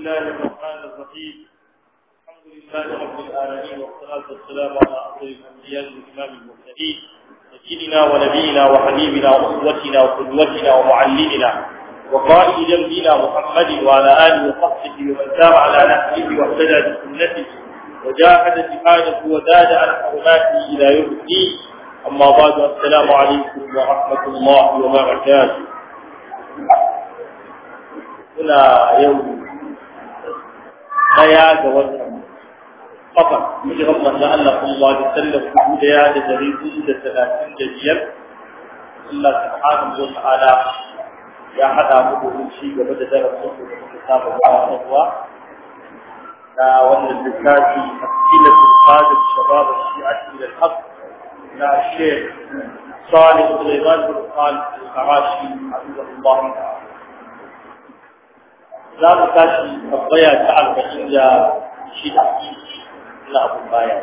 الله الرحمن الرحيم الحمد لله رب العالمين والصلاة والسلام على أفضل الأنبياء والإمام المرسلين سيدنا ونبينا وحبيبنا وأسوتنا وقدوتنا ومعلمنا وقائد جنبنا محمد وعلى آله وصحبه ومن سار على نهجه واهتدى بسنته وجاهد جهاده وزاد على حرماته إلى يوم الدين أما بعد السلام عليكم ورحمة الله وبركاته هنا يوم daya ga watan kafar hijirar da Allah sallallahu da wasallam dubu daya da dari hudu da talatin da biyar Allah subhanahu wa ta'ala ya haɗa mu domin ci gaba da darasin da muka saba gabatarwa na wannan littafi akilatu qadis shi a cikin haqq na shaykh صالح سليمان بن خالد القراشي حفظه الله تعالى za mu tashi tambaya ta arba'in da shida na abun baya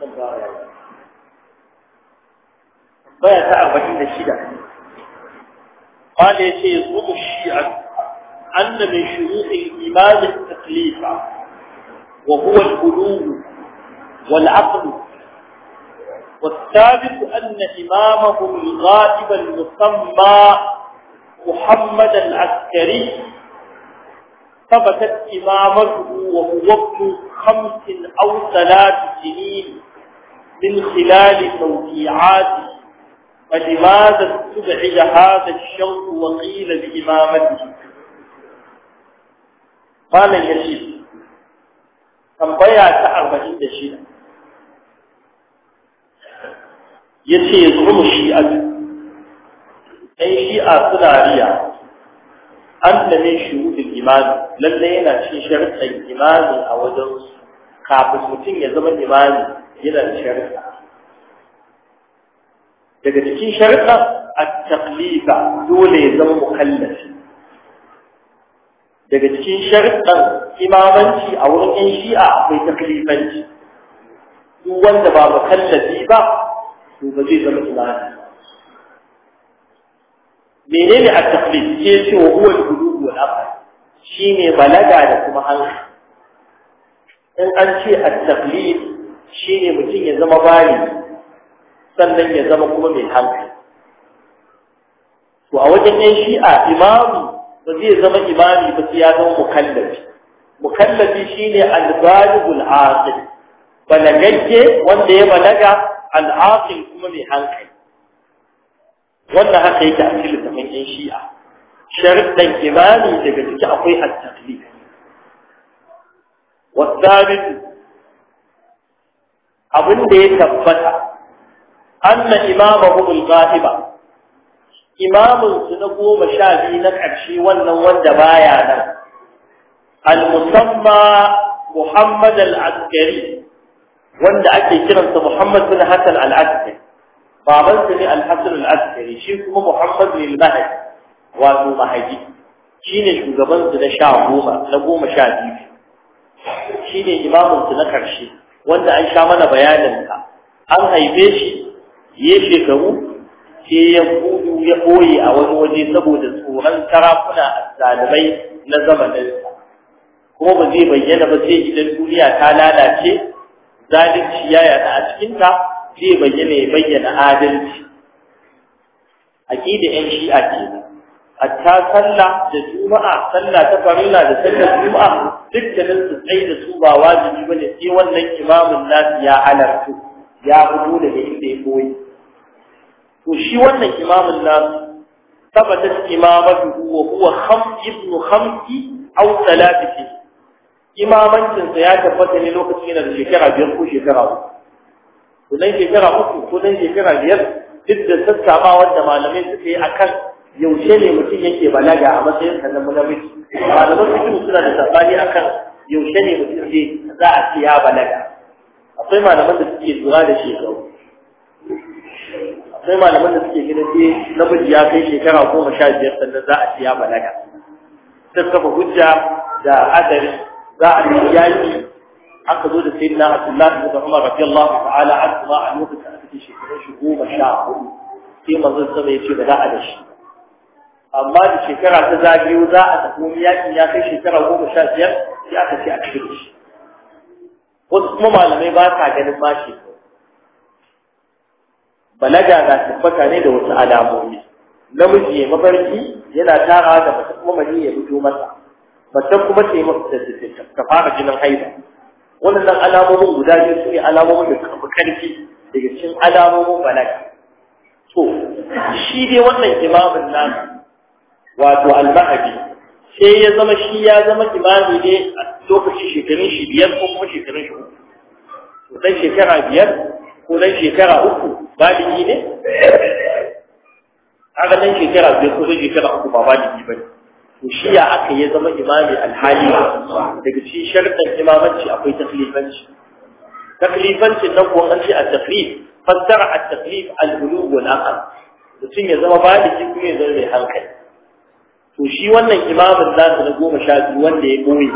tambaya ta arba'in da shida قال يقول الشيعة أن من Wa الإيمان التكليف وهو القلوب والعقل والثابت أن إمامه الغائب المسمى محمد العسكري ثبتت إمامته وهو ابن خمس أو ثلاث سنين من خلال توقيعاته فلماذا استبعد هذا الشوق وقيل بإمامته قال يشيل تنبيع تعرف عند الشيء ya ce ya zuwa shi'ad ɗan shi'a suna riya an da min shuhudin imani lallai yana cin sharɗin imani a wajen su kafin mutum ya zama imani yana da sharɗa daga cikin sharɗa a taklifa, dole ya zama mukallafi daga cikin sharɗan imamanci a wurin 'yan shi'a akwai taklifanci duk wanda ba mukallafi ba to ba zai zama tunani menene a taklif ke ce wa huwa al-qulub ba shi ne balaga da kuma hanga in an ce at shi ne mutum ya zama bari sannan ya zama kuma mai hanga to a wajen yan shi'a imamu ba zai zama imami ba sai ya zama mukallafi mukallafi shi al-balighul aqil balagagge wanda ya balaga al'aqil kuma mai hankali wannan haka yake a cikin littafin yan shi'a sharuɗan imani daga ciki akwai at-taqlid والثالث abin da ya tabbata anna imamahum al-ghaiba imamunsu na goma sha biyu na ƙarshe wannan wanda baya nan al-musamma muhammad al-askari wanda ake kiransa Muhammad bin Hassan al-Askari baban sa ne al-Hassan al-Askari shi kuma Muhammad bin Mahdi wato Mahdi shine shugaban su na 10 na 12 shine imaminsu su na karshe wanda an sha mana bayanin ka an haife shi ya shekaru ke ya gudu ya boye a wani waje saboda tsoron a azzalumai na zamaninsa kuma ba zai bayyana ba sai idan duniya ta lalace zalunci ya yada a cikinta zai bayyana ya bayyana adalci aqida yan shi'a A ta sallah da juma'a sallah ta farilla da Sallah, juma'a dukkanin su tsaye da su ba wajibi bane sai wannan imamun nasu ya halartu ya fito daga inda ya koyi to shi wannan imamun nasu ثبتت إمامته huwa khamsi ibn khamsi aw ثلاثة imamancinsa ya tabbata ne lokacin yana da shekara biyar ko shekara uku nan shekara uku nan shekara biyar duk da sassaba wanda malamai suka yi akan yaushe ne mutum yake balaga a matsayin sa na namiji malaman su suna da sabani akan yaushe ne mutum ke za a ce ya balaga akwai malaman da suke lura da shekaru akwai malaman da suke gina ce namiji ya kai shekara goma sha biyar sannan za a ce ya balaga sassafa hujja da adari za a yi yaki aka zo da sayyidina Abdullah ibn Umar radiyallahu ta'ala anhu ma a lokacin da take shekarun shi goma sha hudu sai manzon sama ya ce da za a da shi amma da shekara ta zagayo za a tafi wani yakin ya kai shekara goma sha biyar sai aka ce a cikin shi wasu kuma malamai ba sa ganin ma shi balaga na tabbata ne da wasu alamomi namiji ya mafarki yana tara da mace kuma mani ya fito masa sannan kuma sai yi masa ta fara jinin haida wannan alamomin guda biyu su ne alamomin da suka fi karfi daga cikin alamomin balaga to shi dai wannan imamin nan wato al-mahdi sai ya zama shi ya zama imami ne a lokacin shekarun shi biyar ko kuma shekarun shi uku dan shekara biyar ko dan shekara uku baligi ne a ga dan shekara biyar ko dan shekara uku ba baligi ba ne to shi ya aka ya zama imami alhali daga cikin sharɗin imamanci akwai taklifanci taklifancin na kuwa an ce a taklif fassara a taklif al-bulu wal mutum ya zama baliki kuma ne zama mai hankali to shi wannan imamin nasu na goma sha biyu wanda ya ɓoye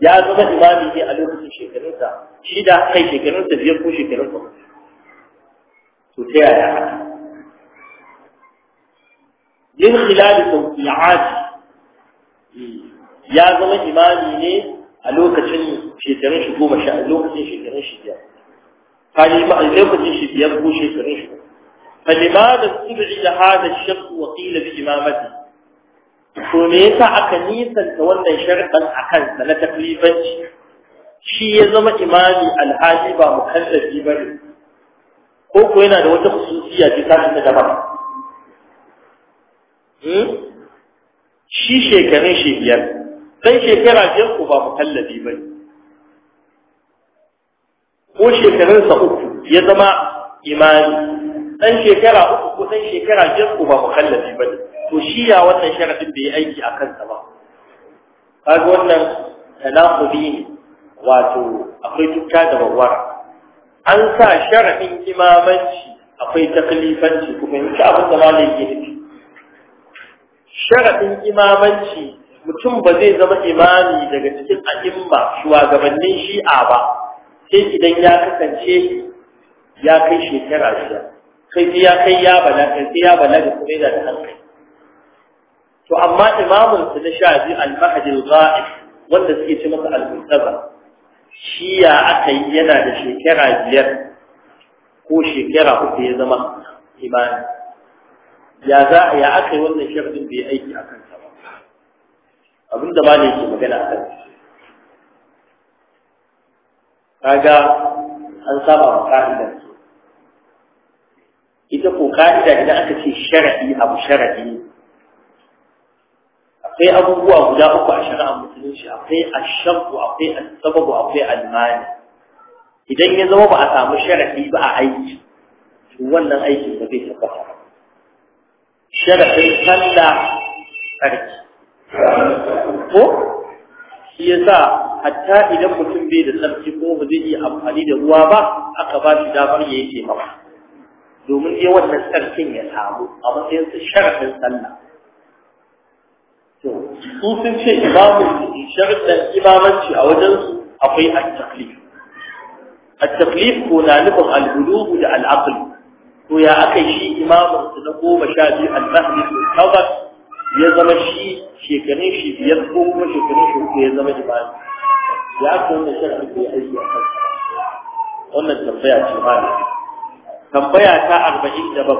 ya zama imami ne a lokacin shekarunsa shida kai shekarunsa biyar ko shekarunsa to ta yaya haka yin khilali sauƙiya'ati ya zama imami ne a lokacin shekarun shi goma sha lokacin shekarun shi biyar kaji ma a lokacin shi biyar ko shekarun shi da فلماذا استبعد هذا الشرط وقيل بإمامته to me yasa aka nisanta wannan sharɗin a kansa na taklifanci shi ya zama imami alhali ba mukallafi ba ne ko ko yana da wata khususiyya ce ta da daban shi shekarun shi biyar dan shekara biyar ku ba mukallabi ba. ko shekarunsa uku ya zama imani ɗan shekara uku ko ɗan shekara biyar ku ba mukallabi ba, to shi ya wannan sharadin bai aiki a kansa ba kaga wannan tanaqudi ne wato akwai tukka da warware. an sa sharadin imamanci akwai taklifanci kuma in ka abin da malai yake sharaɗin imamanci mutum ba zai zama imami daga cikin a'imma shugabannin shi'a ba sai idan ya kasance ya kai shekara shida kai ya kai ya bala sai ya da kuma da hankali to amma imamun su na sha biyu al-mahdi al-ghaib wanda suke ce masa al-muntaba shi ya aka yi yana da shekara biyar ko shekara uku ya zama imani ya za ya aka yi wannan sharadin bai aiki a kansa ba abinda ba ne ke magana a kansa kaga an saba wa ka'idar ita ko ka'ida idan aka ce sharadi abu sharadi akwai abubuwa guda uku a shari'ar musulunci akwai ashabu akwai akwai almani idan ya zama ba a samu sharaɗi ba a aiki wannan aikin ba zai tabbata sharafin sallah tsarki ko shi yasa hatta idan mutum bai da tsarki ko ba zai iya amfani da ruwa ba aka ba shi damar ya yi taimaka domin dai wannan tsarkin ya samu a matsayin su sharafin sallah to su sun ce imamun sharafin imamanci a wajensu akwai at-taklif at-taklif ko na nufin al da al ويا اكي شي امام تنقو مشاجي المهدي الخضر يزم شي شي كني شي يذكو مش كني شي يزم جبال يا كون شرح في اي حد قلنا التنبيع الشمال تنبيع تا أربعين دبب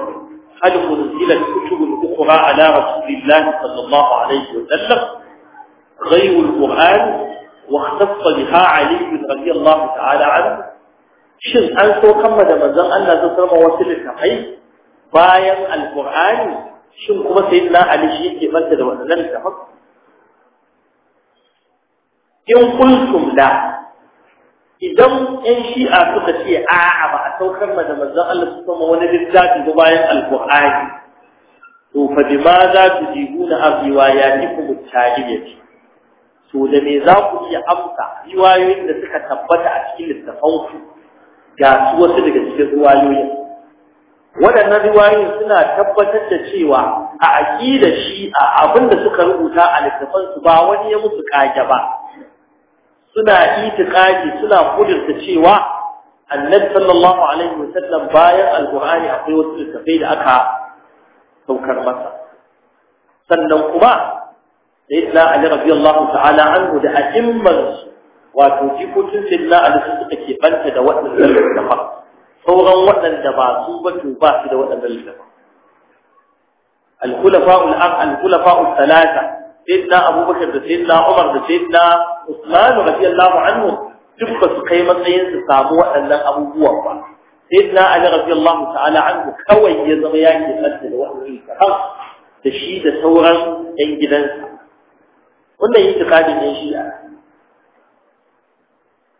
هل منزل كتب الأخرى على رسول الله صلى الله عليه وسلم غير القرآن واختص بها علي رضي الله تعالى عنه shin an so kama da manzon Allah sun sarma wasu littafai bayan alkur'ani shin kuma sai ali shi yake manta da wannan littafin in kuntum da idan yan shi'a suka ce a'a ba a saukar ma da manzon Allah sun sarma wani littafi bayan alkur'ani to fa bima za ku jibuna a riwayatikum at to da me za ku iya amsa riwayoyin da suka tabbata a cikin littafanku ga su wasu daga cikin ruwayoyin waɗannan ruwayoyin suna tabbatar da cewa a aƙida shi a abin da suka rubuta a littafansu ba wani ya musu ƙage ba suna itiƙaji suna kudurta cewa annabi sallallahu alaihi sallam, bayan alqur'ani akwai wasu littafai da aka saukar masa sannan kuma sayyidina ali radiyallahu ta'ala anhu da a'immar wato jikokin sayyidina a sun suka ke banta da waɗannan littafan sauran waɗanda ba su ba to ba su da waɗannan littafan al-khulafa'u al-khulafa'u thalatha inna Abu Bakr da sayyidina umar da sayyidina usman radiyallahu anhu duk ba su kai matsayin su samu waɗannan abubuwa ba sayyidina ali radiyallahu ta'ala anhu kawai ya zama yake banta da waɗannan littafan da shi da sauran 'yan gidansa wannan yi tukadin shi'a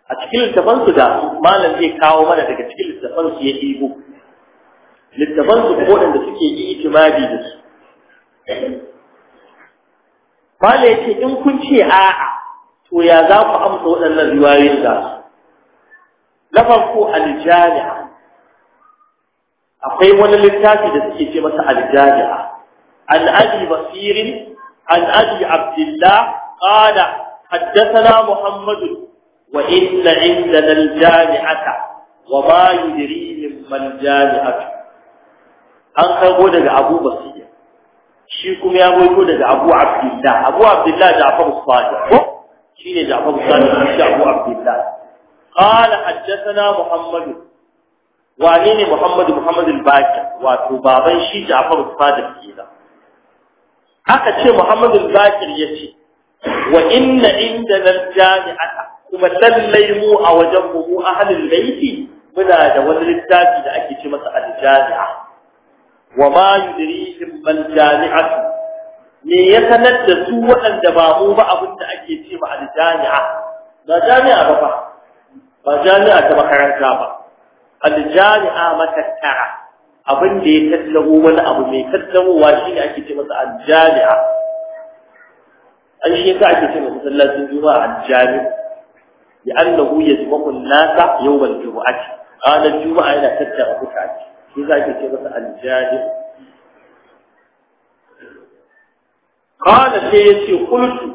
a cikin littafan su da malam zai kawo mana daga cikin littafan su ya ɗigo littafan su ko da suke yi itimadi da su malam ya ce in kun ce a'a to ya za ku amsa waɗannan riwayoyin da su na farko aljami'a akwai wani littafi da suke ce masa aljami'a an abi basirin an abi abdullah qala حدثنا محمد وإن عندنا الجامعة وما يدري من الجامعة an karbo daga Abu Basir shi kuma ya goyo daga Abu Abdullah Abu Abdullah Ja'far as-Sadiq ko shine Ja'far as-Sadiq shi Abu Abdullah qala haddathana Muhammad wa ne Muhammad Muhammad al wato baban shi Ja'far as-Sadiq kenan aka ce Muhammad al wa jamiata kuma lallai mu a wajen mu mu ahlul laifi, muna da wani littafi da ake ce masa aljami'a. jamia wa ma yudrihim mal jami'atu me ya sanar da su waɗanda ba mu ba abin da ake ce ma al-jami'a ba jami'a ba fa, ba jami'a ta makaranta ba Aljami'a jamia matattara abin da ya tattaro wani abu mai tattarowa shi ne ake ce masa aljami'a. jamia an shi yasa ake ce masa sallacin juma'a al لأنه يجمع الناس يوم الجمعة قال الجمعة إلى ستة ركعة إذا كتبت الجاهل قال سيدي قلت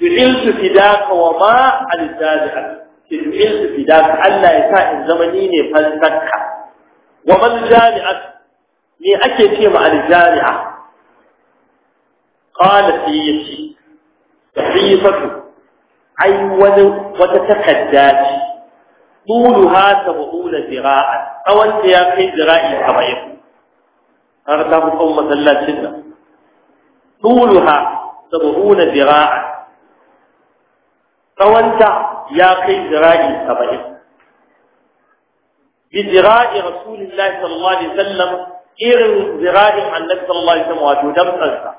جعلت فداك وما الجاهل جعلت فداك ألا يساء زمنين فلتك وما الجاهل me ake ce ma aljari'a qala fi yati sifatu ai wani wata takadda ce ta sab'una zira'an tsawon ta ya kai zira'i saba'in har ta fi tsawon masallacin nan ta sab'una zira'an tsawon ta ya kai zira'i saba'in bi zira'i rasulillahi sallallahu alaihi wasallam irin zira'in annabi sallallahu alaihi wasallam wato damtsansa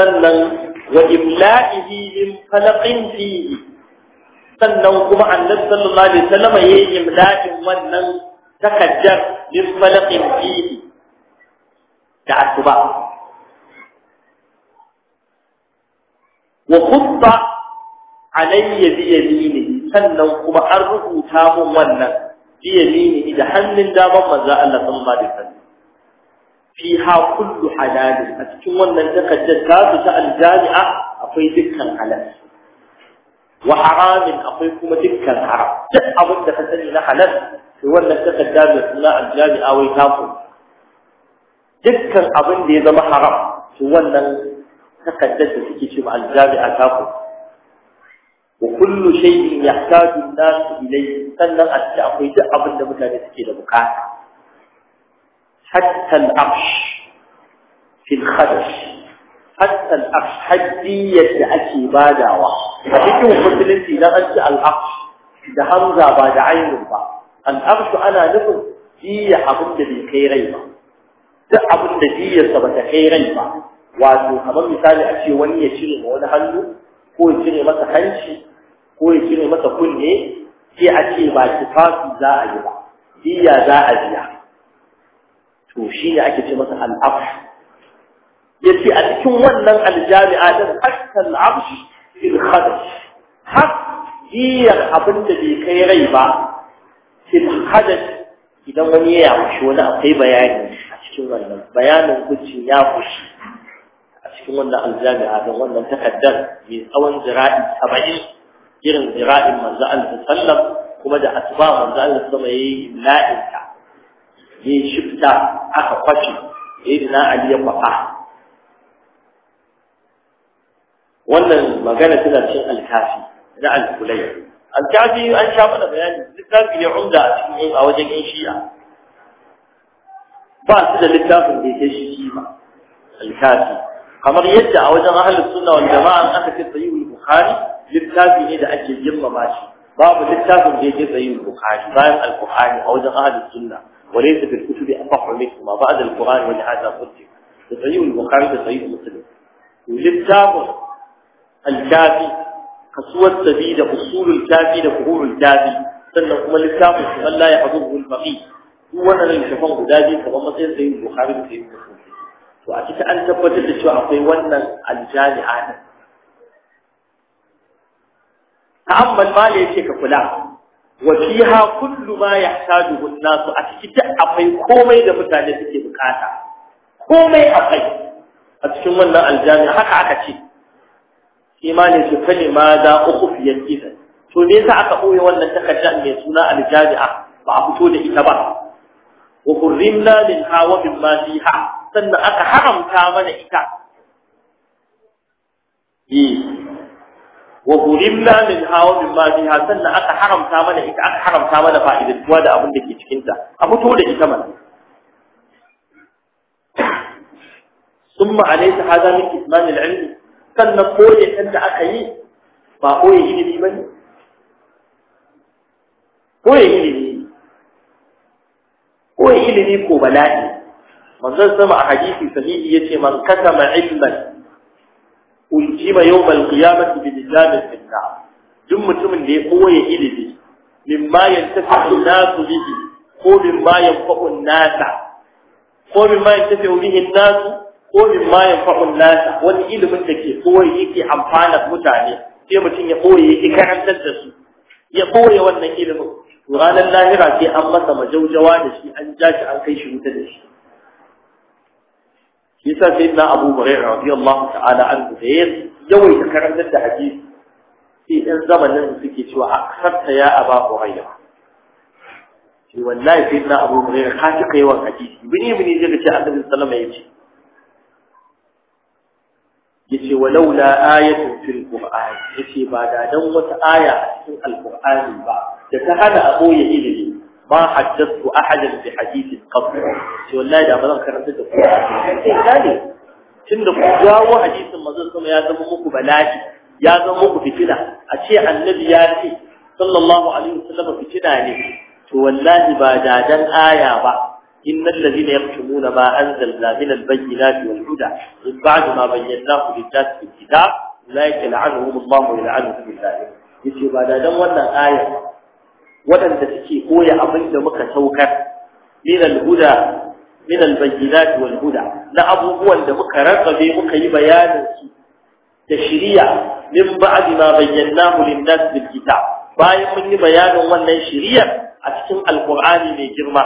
sannan wa imla'ihi min falaqin fihi sannan kuma annabi sallallahu alaihi wasallam yayi imla'in wannan takajjar min falaqin fihi da asuba wa khutta alayya bi yamini sannan kuma an rubuta mun wannan bi yamini da hannun daman manzo Allah sallallahu alaihi wasallam fiha kullu halalin a cikin wannan takaddar tasu ta aljami'a akwai dukkan halal wa haramin akwai kuma dukkan haram duk abin da ka sani na halal to wannan takaddar mai suna aljami'a wai taku dukkan abin da ya zama haram to wannan takaddar da suke cewa aljami'a taku wa kullu shay'in yahtaju an-nas ilayhi sannan a cikin akwai duk abin da mutane suke da bukata حتى العرش في الخدش حتى العرش حدية أكي بادعوة Ba مسلمتي لغت العرش ده همزة بعد عين بعض العرش أنا نفس هي حبن بي خيري بعض duk abin da diyarsa ba ta kai rai ba wato kamar misali a ce wani ya cire ma wani hannu ko ya cire masa hanci ko ya cire masa kunne sai a ba tufafi za a yi ba diya za a biya to shi ne ake ce masa al'af ya ce a cikin wannan aljami'a ɗin hatta al'af fil khadash har jiyar abin da bai kai rai ba fil khadash idan wani ya yamushi wani akwai bayani a cikin wannan bayanin kuci ya kushi a cikin wannan aljami'a ɗin wannan takaddar mai tsawon zira'i saba'in irin zira'in manzo Allah kuma da asuba manzo Allah sama yayi la'inta ya shifta aka kwace sayyidina ali ya kwafa wannan magana tana cikin alkafi na alkulai alkafi an sha mana bayani littafi ne umda a cikin a wajen yan shi'a ba su da littafin da yake shi shi ba alkafi kamar yadda a wajen ahlus sunna wal jama'a aka ce sahihul bukhari littafi ne da ake girmama shi babu littafin da yake sahihul bukhari bayan alqur'ani a wajen ahlus sunna وليس في الكتب أصح ما بعد القرآن ولهذا قدم تصحيح البخاري تصحيح مسلم للتابر الكافي قسوة السبيل أصول الكافي لفهول الكافي سنقوم للتابر فمن لا يحضره البقي هو أنا لم يشفره دادي فهم زي البخاري تصحيح مسلم وأتيت أن تبقى تشعر في ونا الجال عادة تعمل ما ليشيك فلاح وفيها كل ما يحتاجه الناس اتكيت اكوي كومي da mutane suke bukata komai akai a cikin wannan aljami haka aka ce imani su fani ma da ukufiyyar kida to ne yasa aka koyi wannan takarda mai suna aljami'a ba a fito da ita ba wa qurrimna lil hawa bin ma sannan aka haramta mana ita eh. wa hurimna min hawa min ma fiha sannan aka haramta mana ita aka haramta mana fa'idatuwa da abin da ke cikin ta a fito da ita mana summa alaysa hadha min kitman al-ilm sannan koye kan da aka yi ba koye ilimi ne? koye ilimi koye ilimi ko bala'i manzon sama a hadisi sahihi yace man kasama ilman uljima yawmal qiyamati bi lillahi min duk mutumin da ya koye ilimi min mimma yantafi nasu bihi ko min mimma yanfa'u nasa ko min mimma yantafi bihi nasu ko min mimma yanfa'u nasa wani ilimin da ke koye yake amfana mutane sai mutum ya koye yake karantar da su ya koye wannan ilimin ranar lahira sai an masa majaujawa da shi an ja shi an kai shi wuta da shi yasa sayyidina Abu Hurairah radiyallahu ta'ala anhu da yawaita karantar da hadisi sai ɗan zamanin suke cewa aksarta ya aba Hurairah shi wallahi sai na abu hurairah ka ci kai wan hadisi bini bini zai ce annabi sallama yace yace walaula ayatun fil qur'an yace ba da dan wata aya a cikin alqur'ani ba da ta hana a boye ilimi ما حدثت أحدا بحديث قبل والله إذا بلغ كرمت تقول ثاني tun da jawo hadisin manzon sama ya zama muku bala'i ya zama muku fitina a ce annabi ya ce sallallahu alaihi wasallam fitina ne to wallahi ba dadan aya ba innal ladina yaktumuna ma anzalna min albayyinati wal huda min ba'd ma bayyanahu lin-nasi yace ba dadan wannan aya waɗanda suke koya abin da muka saukar min al-huda min al-bayyinat wal huda na abubuwan da muka rarrabe muka yi bayanin su da shiriya min ba'd ma bayyanahu lin-nas bil kitab bayan mun yi bayanin wannan shiriyar a cikin alqur'ani mai girma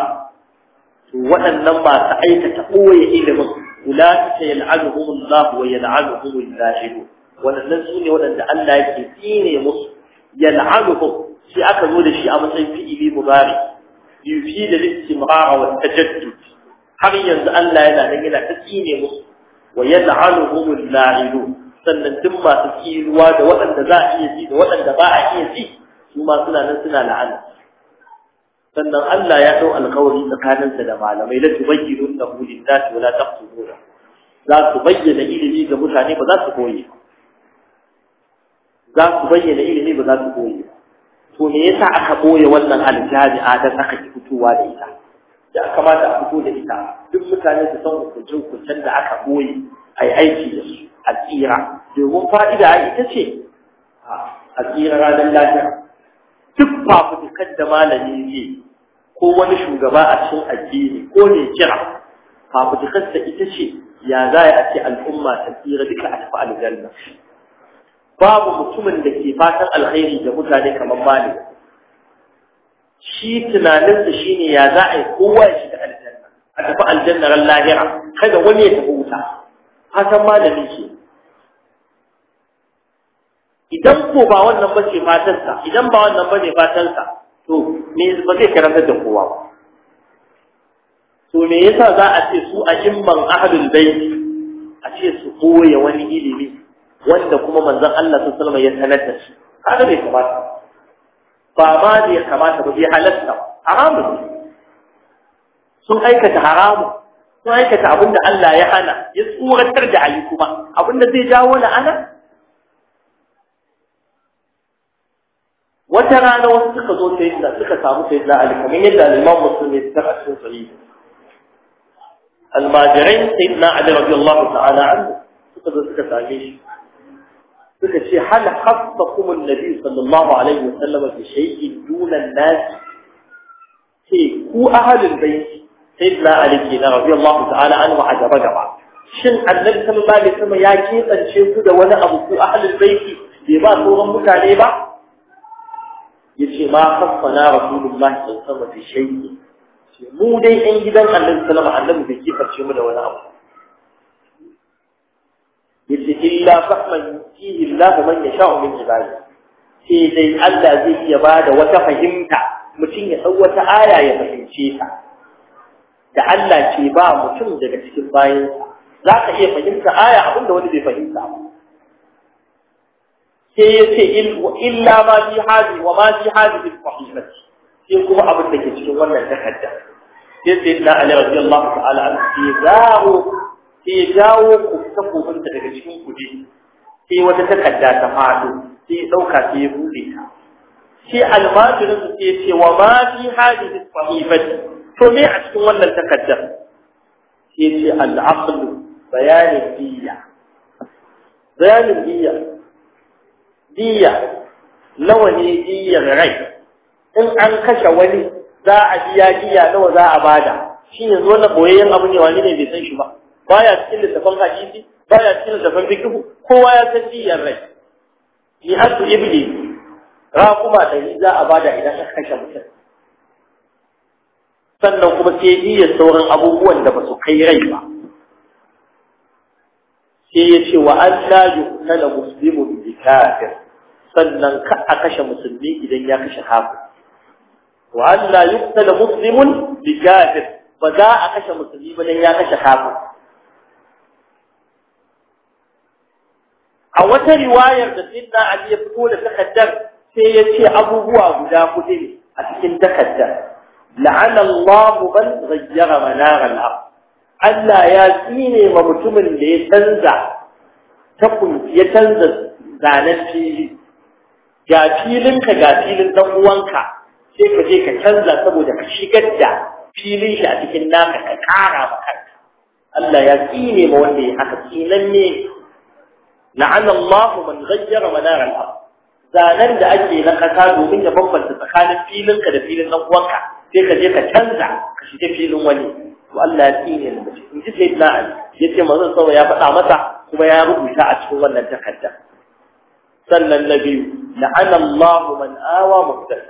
to waɗannan su aikata koye ilimin ulaika yal'anuhum Allah wa yal'anuhum al-zahirun waɗannan su waɗanda Allah yake tsine musu yal'anuhum shi aka zo da shi a matsayin fi'ili mubari yufi da listimara wa tajaddud har yanzu Allah yana nan yana ta tsine musu wa yal'anuhumul la'inu sannan duk masu tsiruwa da waɗanda za a iya ji da waɗanda ba a iya ji su ma suna nan suna la'ana sannan Allah ya dau alƙawari tsakaninsa da malamai la tubayyinu lahu lin-nasi wa la taqtuluhu za su bayyana ilimi ga mutane ba za su koye za su bayyana ilimi ba za su koye to me yasa aka boye wannan aljami'a da aka ki fitowa da ita ya kamata a fito da ita duk mutane su san hukuncin hukuncin da aka boye a yi aiki da su a tsira domin fa'ida ita ce a tsira ranar lafiya duk fafutukan da malami ne ko wani shugaba a cikin addini ko ne kira fafutukansa ita ce ya za a ce al'umma ta tsira duka a tafi aljanna babu mutumin da ke fatan alheri da mutane kamar mali shi tunaninsa shine ya za a yi kowa ya shiga aljanna a tafi aljanna ran lahira kada wani ya tafi wuta fatan malami ke idan ko ba wannan ba ce fatansa idan ba wannan ba ne fatansa to me ba zai karanta da kowa ba to me yasa za a ce su a imman ahadul bait a ce su koya wani ilimi wanda kuma manzon Allah sallallahu alaihi wasallam ya sanar da shi kaga bai kamata ba ba ma ya kamata ba bi halatta haramu sun aikata haramu sun aikata abinda Allah ya hana ya tsoratar da ayi kuma abinda zai jawo la'ana wata rana wasu suka zo sai da suka samu ta yadda ali kamar yadda al'imam musulmi ta a cikin sahihi almajirai sayyidina ali radiyallahu ta'ala anhu suka zo suka same shi suka ce hal khaffakum annabi sallallahu alaihi wasallam bi shay'in duna an-nas ce ku ahlul bait sayyidina ali ke kenan radiyallahu ta'ala anhu a gaba gaba shin annabi sallallahu alaihi wasallam ya kitsance ku da wani abu ku ahlul bait bai ba sauran mutane ba yace ma khaffana rasulullahi sallallahu alaihi wasallam bi shay'in mu dai ɗan gidan annabi sallallahu alaihi wasallam annabi bai ce mu da wani abu yace illa fahman yuti Allah man yasha'u min ibadi sai dai Allah zai iya bada wata fahimta mutum ya san wata aya ya fahimce ta da Allah ke ba mutum daga cikin bayansa za ka iya fahimta aya abinda wani bai fahimta ba sai ya ce illa ma fi hali wa ma fi hali bil fahimati sai kuma abin da ke cikin wannan takarda sai sai na Ali radiyallahu ta'ala an ce za'u sai ya jawo kofinta daga cikin kuje sai wata takarda ta faɗo sai ya ɗauka sai ya buɗe ta sai almajirin su sai ce wa ma fi sami sahifati to me a cikin wannan takardar sai ce al'aqlu bayanin biya bayanin biya biya nawa ne biyar rai in an kashe wani za a biya biya nawa za a bada shi ne zo na boyayyen abu ne wani ne bai san shi ba baya cikin littafin hadisi baya cikin littafin fiqh kowa ya san diyar rai ni hadu ibli raquma da za a bada idan aka kashe mutum sannan kuma sai diyar sauran abubuwan da ba su kai rai ba sai ya ce wa an la yuqtala muslimun bi kafir sannan ka a kashe musulmi idan ya kashe kafir wa an la yuqtala muslimun bi kafir ba za a kashe musulmi ba dan ya kashe kafir a wata riwayar da sayyidina ali ya fito da takaddar sai ya ce abubuwa guda kuɗi ne a cikin takaddar la'ana Allah man ghayyara manar Allah ya tsine ma mutumin da ya canza takun ya canza zanen fili ga ka ga filin dan uwanka sai ka je ka canza saboda ka shigar da filin shi a cikin naka ka kara ba kanka Allah ya tsine ma wanda ya haka tsinan ne la'ana Allahu man ghayyara manar al-ard zanen da ake na kasa domin ya bambanta tsakanin filinka da filin dan uwanka sai ka je ka canza ka shiga filin wani to Allah ya tsine ni mace in ji sai na yace manzon sama ya faɗa masa kuma ya rubuta a cikin wannan takarda sannan na biyu la'ana Allahu man awa muhdath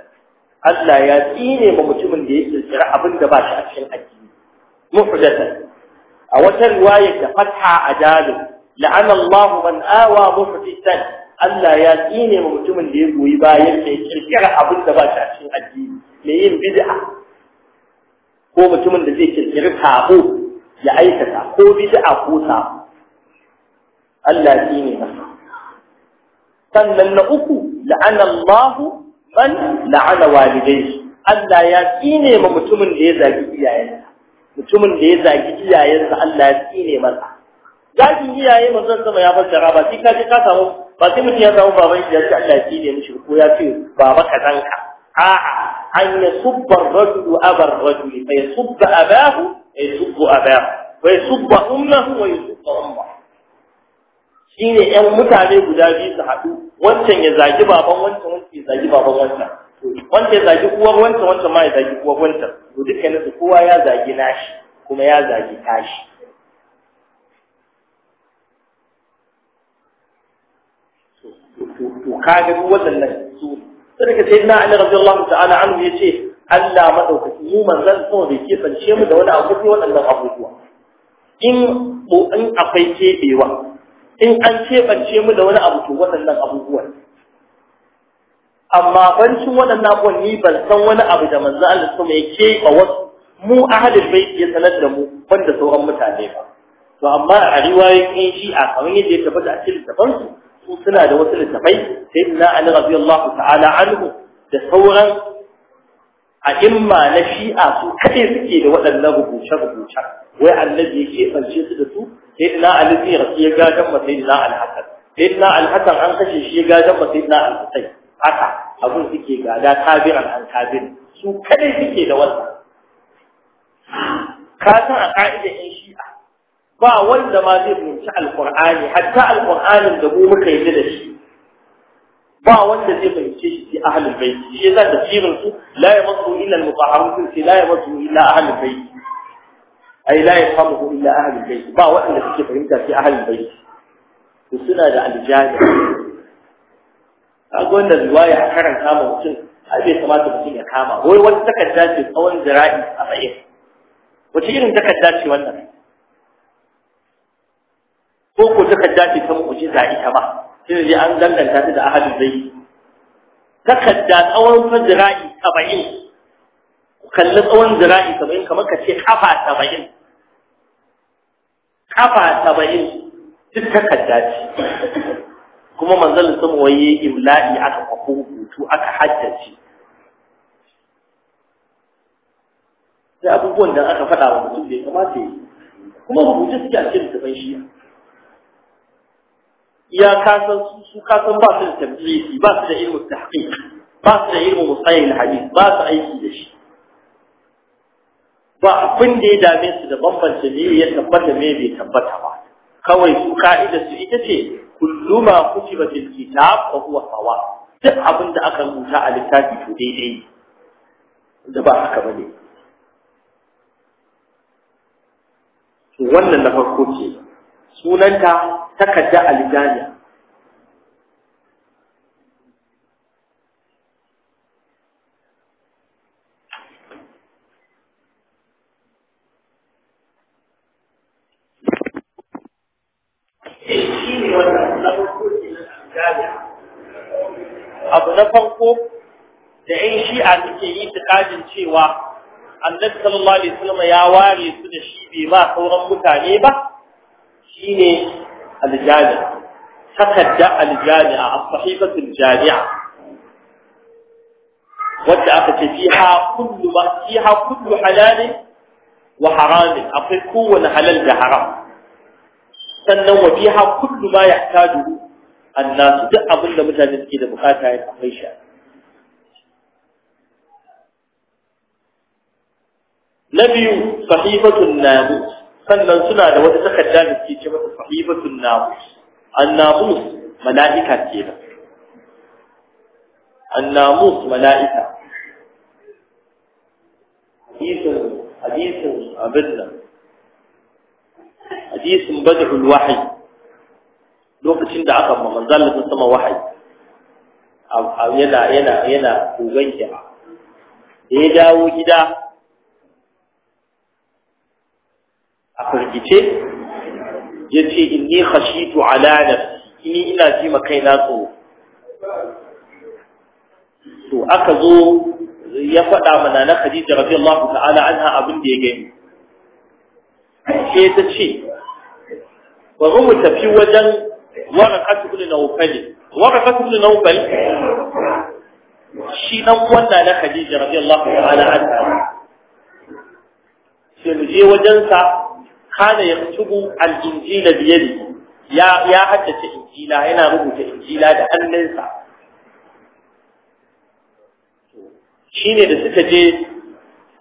Allah ya tsine ma mutumin da ya kirkira abin da ba shi a cikin addini muhdathan a wata riwaya da fatha a jalib la'ana Allah man awa muhdisan Allah ya tsine ma mutumin da ya goyi bayan mai kirkira abin da ba shi a cikin addini mai yin bid'a ko mutumin da zai kirkiri sabo ya aikata ko bid'a ko sabo Allah ya tsine masa sannan na uku la'ana Allah man la'ana walidayhi Allah ya tsine ma mutumin da ya zagi iyayensa mutumin da ya zagi iyayensa Allah ya tsine masa zagin iyaye manzon sama ya fassara ba sai ka ka samu ba sai mutum ya samu baban shi ya ce Allah ya ne mishi ko ya ce baba ka zanka a'a an yasubba ar-rajulu abar rajuli fa yasubba abahu yasubbu abahu wa yasubba ummahu wa yasubba Shi shine ƴan mutane guda biyu su haɗu wancan ya zagi baban wancan wancan ya zagi baban wancan wancan ya zagi uwar wancan wancan ma ya zagi uwar wancan to dukkanin su kowa ya zagi nashi kuma ya zagi tashi to kaga duk waɗannan su sai daga sai na Ali allahu ta'ala anhu ce Allah madaukaki mu manzon sama bai kisance mu da wani abu sai waɗannan abubuwa in ko in akwai keɓewa in an kebance mu da wani abu to waɗannan abubuwan amma bancin waɗannan abubuwan ni ban san wani abu da manzan Allah sama ya keɓa wasu mu ahalul bait ya sanar da mu banda sauran mutane ba to amma a riwayoyin shi a kamar yadda ya tabbata a cikin tafansu su suna da wasu littafai sai na ali radiyallahu ta'ala anhu da sauran a a'imma na shi'a su kaɗai suke da waɗannan rubuce-rubuce wai annabi ya keɓance su da su sai na ali zai rasu ya gadon ma sai ina alhassan sai ina alhassan an kashe shi ya gadon ma na al alhassan haka abun suke gada tabiran an tabirin su kaɗai suke da wannan ka san a ƙa'idar in ba wanda ma zai fahimci alkur'ani hatta alkur'anin da mu muka yi da shi ba wanda zai fahimce shi fi ahlul bait shi yasa tafsirin su la masu illa al-mutahharun fi la yamassu illa ahlul bait ai la yafhamu illa ahlul bai, ba wanda suke fahimta fi ahlul bai. to suna da aljami kaga zuwa ya karanta ma mutum a bai kamata mutum ya kama wai wata takarda ce tsawon zira'i a tsaye wace irin takarda ce wannan ko ko suka dace ta mu'jiza ita ba sai dai an danganta ta da ahadu zai takarda tsawon fa 70 ku kalli tsawon zira'i 70 kamar ka ce kafa 70 kafa 70 duk takarda ce kuma manzal sun waye imla'i aka kwafo rubutu aka haddace da abubuwan da aka fada wa mutum bai kamata ya kuma rubutu suke a cikin littafin shiya Ya kasan su su kasan ba su da tabbisi ba su da ilmu tahqiq ba su da ilmu musayil hadith ba su aiki da shi ba abin da ya dame su da bambance me ya tabbata me bai tabbata ba kawai su ka'ida su ita ce kullu ma kutiba fil kitab fa huwa sawa duk abin da aka rubuta a littafi to daidai da ba haka bane wannan na farko ce sunanta takadda aljami'a abu na farko da ‘yan shi'a suke yi ta tukajin cewa annabi sallallahu alaihi wasallam ya ware su da shi bai ma sauran mutane ba شيني الجامع فقد جاء الصحيفة الجامعة وتأخذ فيها كل ما فيها كل حلال وحرام أفركو ونحلل بحرام سنو فيها كل ما يحتاجه الناس تأظن مثلا نسكي لبقاتها الأخيشة نبي صحيفة الناموس sannan suna da wata takarda da ke ce mata sahibatun namus annamus mala'ika kenan annamus mala'ika hadisin hadisin abinda hadisin badhul wahyi lokacin da aka ma manzal da sama wahayi yana yana yana kogan da ya dawo gida a firgice ya ce inni khashitu ala nafsi ni ina ji ma na tsoro to aka zo ya faɗa mana na Khadija radiyallahu ta'ala anha abin da ya gani sai ta ce bari mu tafi wajen waraqatu ibn nawfal waraqatu ibn nawfal shi nan wannan na Khadija radiyallahu ta'ala anha sai mu je wajen sa kana tubu al-injila biyadi ya ya haddace injila yana rubuta injila da hannunsa shine da suka je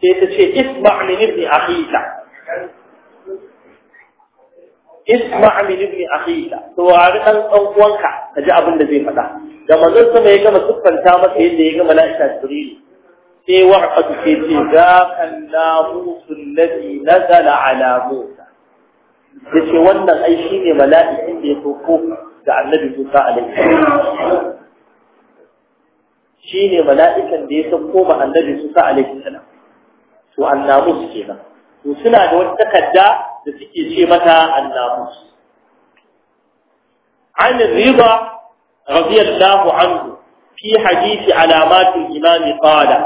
sai ta ce isma' min ibn akhika isma' min ibn akhika to wari dan dan uwanka kaji abin da zai faɗa da manzon sama ya gama sukkanta masa yadda ya gama la'ita jibril sai warqatu sai ce za kan namusul nazala ala mu yace wannan ai shi ne mala'ikin da ya sauko ga annabi Musa alaihi Shi ne mala'ikan da ya sauko ma annabi Musa alaihi salam to annamus ke kenan to suna da wata takarda da suke ce mata annamus an riba radiyallahu anhu fi hadisi alamatul imami qala